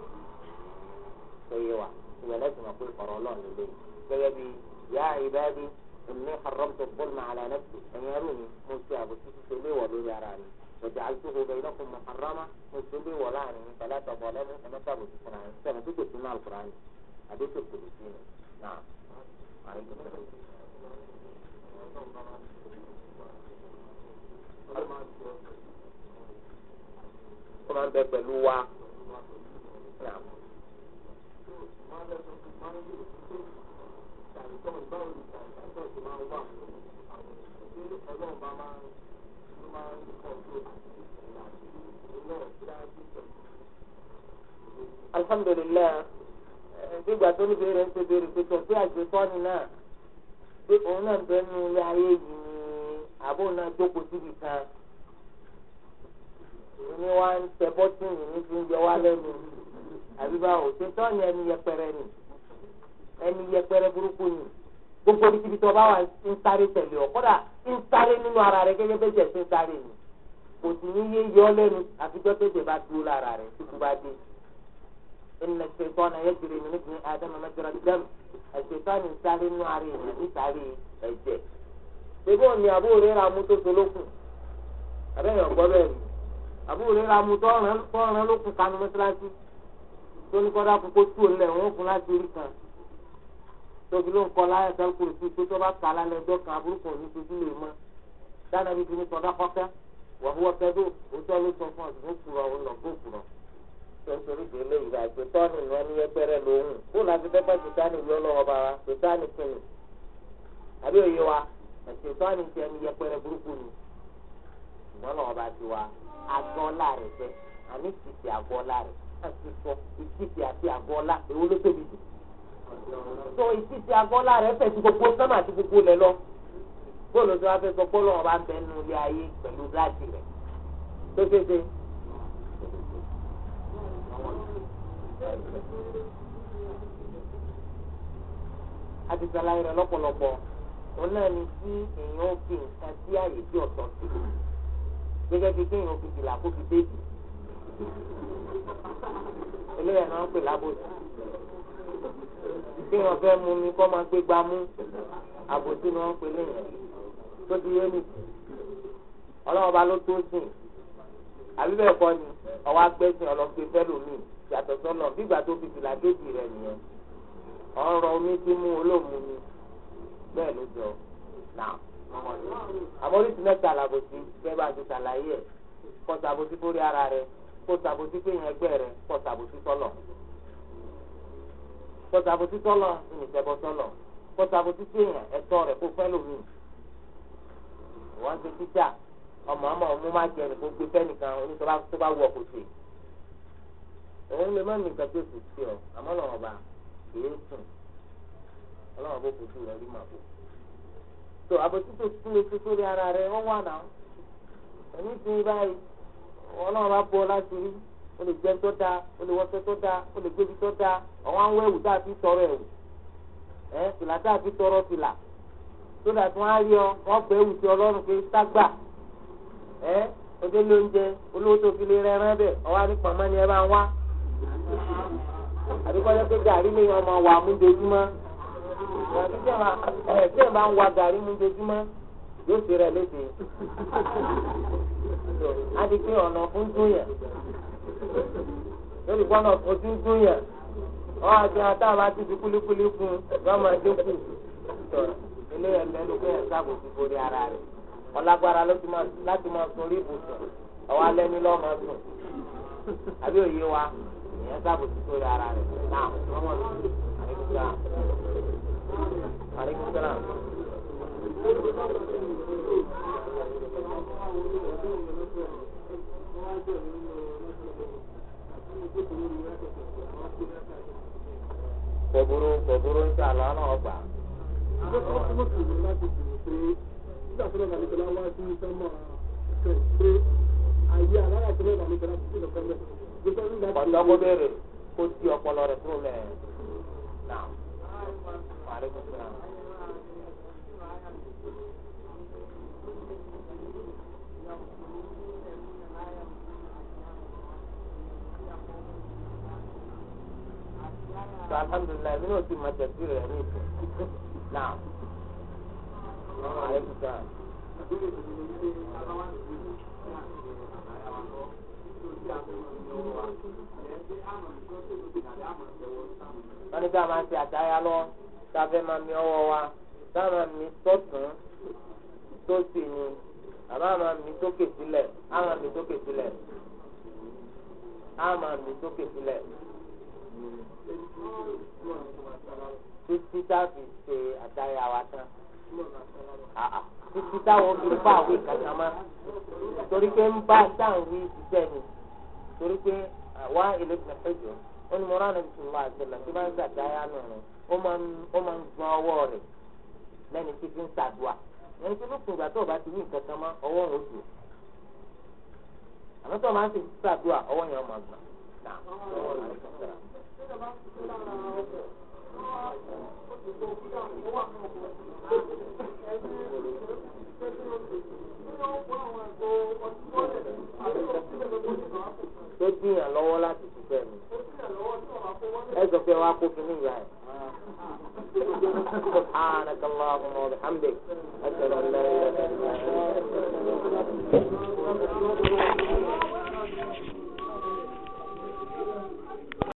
ṣe yé wa ìyẹn lẹ́sìn mọ̀ pé ọ̀rọ̀ ọlọ́run lè lè gẹ́gẹ́ bíi يا عبادي إني حرمت الظلم على نفسي يروني موسى أبو وبيبي أراني وجعلته بينكم محرمة مسلمي ولعني فلا تظلموا كما تابوا في القرآن كما تكتب في القرآن حديث القدسين نعم عليكم طبعا ده بلوع نعم alhamdulilayi gbígbà tó ní bèrè ń ṣe bèrè pé tó pé àgbẹ̀tọ́ni náà pé òun náà bẹ́ẹ̀ nu ilé ayé yìí ni àbò náà jókòó síbi kan ní wá ń tẹ bọ́tìnì ní fi ń yọ wá lẹ́nu àbí báwo ṣe tọ́ni ẹni yẹpẹrẹ nìyí ẹni yẹpẹrẹ burúkú ni gbogbo ibi tíbi tí wọn bá wà ń sáré tẹ̀lé ọ kódà ń sáré nínú ara rẹ gẹ́gẹ́ bẹ́ẹ̀ jẹ́ ń sáré ni kò sì ní yé yọ lẹ́nu àfi gbẹ́gbẹ́jẹ bá dúró lára rẹ tí kú bá dé ẹnìyàn ṣètò ọ̀nà yẹn kiri nínú ìgbìn ádámù mẹ́jọra dẹ́m ẹ̀ṣẹ̀tọ́ ni sáré nínú ara èèyàn ní sáré ẹ̀jẹ̀ ṣébí òní àbúrò rà mú tó so lókun àbẹ́yẹn ọ̀gbọ́ bẹ́ẹ̀ ni àbúrò rà mú tọ́ran lókun kanu mẹ́tíláṣí tó ní kọ́dá kókó tó lẹ̀ wọ́n fún láti orí kan tóbi ló ń kọ́ láyé sẹ́kù sí pé tó bá kà á lálẹ́ ẹgbẹ́ kan aburúkọ ní sojú lè mọ́ dáná bíi kíní sọdá kọ́kẹ́ wọ̀húwọ́ tẹ́dó òótọ́ ló sọ fún ọ̀sùn òkùrọ̀ òun lọ gbókùrọ̀ nítorí pé ilé ìgbà àgbẹ̀tọ́nì ni wọ́n ní ẹgbẹ́rẹ́ lóhùn fún láti dẹ́pẹ́ sùtánì yọ lọ́wọ́ bá wa sùtánì kìnnì àbí òye wa sùtánì tiẹ̀ ní ẹgbẹ́rẹ́ burúkú ni ìwọ́n lọ́wọ́ bá ti wa agọ́ láàrẹ̀ fẹ́ àmì ìsìkì agọ́ láàrẹ̀ àti sọ ìsìkì àti agọ́ láàrẹ̀ ewúlé tóbi jù tó ìsí ti agbọ́lá rẹ̀ fẹ̀ sí gbogbo sọ́mà àti gbogbo lẹ̀ lọ bóòlù tí wọ́n fẹ́ sọ pọ́lọ́ ọba ń bẹ nínú ilé ayé pẹ̀lú gíláàsì rẹ̀ tó ṣeéṣe. àti sàlàyé rẹ̀ lọ́pọ̀lọpọ̀ òun náà ni kí èèyàn ó fi nǹkan sí àyè tí ọ̀tọ̀ sí gẹ́gẹ́ bí kéèyàn ó fi fìlà kó fi bébì
eléyà náà ń pè lábòsí
kéèyàn fẹ́ mu ni kọ́ máa gbé gba mú àbòsí ni wọ́n pe léèyàn tó ti yé nì ọlọ́run bá ló tó sìn àbí bẹ́ẹ̀ kọ́ ni ọwọ́ agbẹ́sìn ọlọ́gbẹ́ fẹ́lòmíì yàtọ̀ sọ́nà bígbà tó fi fìlà kéèkì rẹ̀ nìyẹn ọ̀rọ̀ omi ti mú olóòmù ni bẹ́ẹ̀ ló jọ náà àmọ́rìsì mẹ́ta làbòsí bẹ́ẹ̀ bá ti ṣàlàyé ẹ̀ kọ́ sàbòsí fórí ara rẹ̀ kó sàbòsí fún ìyẹn ẹgbẹ́ rẹ̀ kọ́ sàbòsí sọ́nà kọsàbòtí sọlọ ìmùsẹ̀bọ sọlọ kọsàbòtí sèèyàn ẹ̀tọ́ rẹ̀ kó fẹ́ lómi wọ́n ti títà
ọmọ ọmọ ọmú má
jẹ ẹnì kó gbé fẹ́nìkan onítọ́ba tó bá wọ kò sí òun lè má nìkan tó kù sí ọ àmọ́ lọ́wọ́ bá èyí ń sùn ọlọ́wọ́ bó kù sí rẹ̀ rí màbò tó àbòtí tó tún lè fi sórí ara rẹ̀ wọ́n wà náà òní ti báyìí ọlọ́wọ́ bá bọ́ láti rí. o lè jẹun tó da o lè wọṣọ tó da o lè gbébi tó da ọ̀wọ́n àwọn ẹ̀wù tá a fi tọrọ ẹ̀wù fìlà tá a fi tọrọ fìlà tó dàtí wọ́n á rí ọ wọ́n pẹ́ ẹ̀wù tí oúnjẹ olówó tó fi lè rẹ ẹran bẹ́ẹ̀ ọwọ́ àdìpọ̀ ni ẹ bá ń wá àdìpọ̀jọ́ pé gàrí ni ọmọ wà mú dojúmọ́ ẹ̀ ma bá ń wa gàrí mú dojúmọ́ yóò ṣe rẹ̀ léde ọ̀nà fún lórí gbọ́dọ̀ fojú dún yàn ọ á jẹun fún dínkù ara ọlágbára láti máa orí ibùsùn ní lọọ máa sùn àbí òye wa sábò ti borí ara náà
mi Thank
kòbúrú kòbúrú ń sàlọ ọ̀nà ọgbà. ọ̀dọ́ kó béèrè kó tí ọpọlọ rẹ̀ kúrò lẹ̀
sọ alhamdulilayi mi náà ti mọ tẹ̀sí
rẹ̀ ní ìfẹ́ náà. wọ́n ní ká máa ń ṣe àtayá lọ sáfẹ́ máa mi ọwọ́ wa sáà máa mi sọ́tún sósì ni àbá máa mi sókè sílẹ̀ á máa mi sókè sílẹ̀ á máa mi sókè sílẹ̀. títí a fi ṣe àtàyà wa tán títí táwọn fi bá àwé kankan má torí pé ni torí pé wá ilé ó ní ti máa ṣẹlẹ̀ tí bá ń ṣàtàyà nù rẹ̀ ó máa ń gbọ́n ọwọ́ rẹ̀ lẹ́ni tí fi ń ṣàdúrà ẹni tí lópin ìgbà tó o bá ti ní ọwọ́ tó dìyàn lọ́wọ́ láti ṣiṣẹ́ mi. ẹ sọ pé wàá kó kinní ìyá ẹ̀. سبحانك اللهم وبحمدك أشهد أن لا إله إلا أنت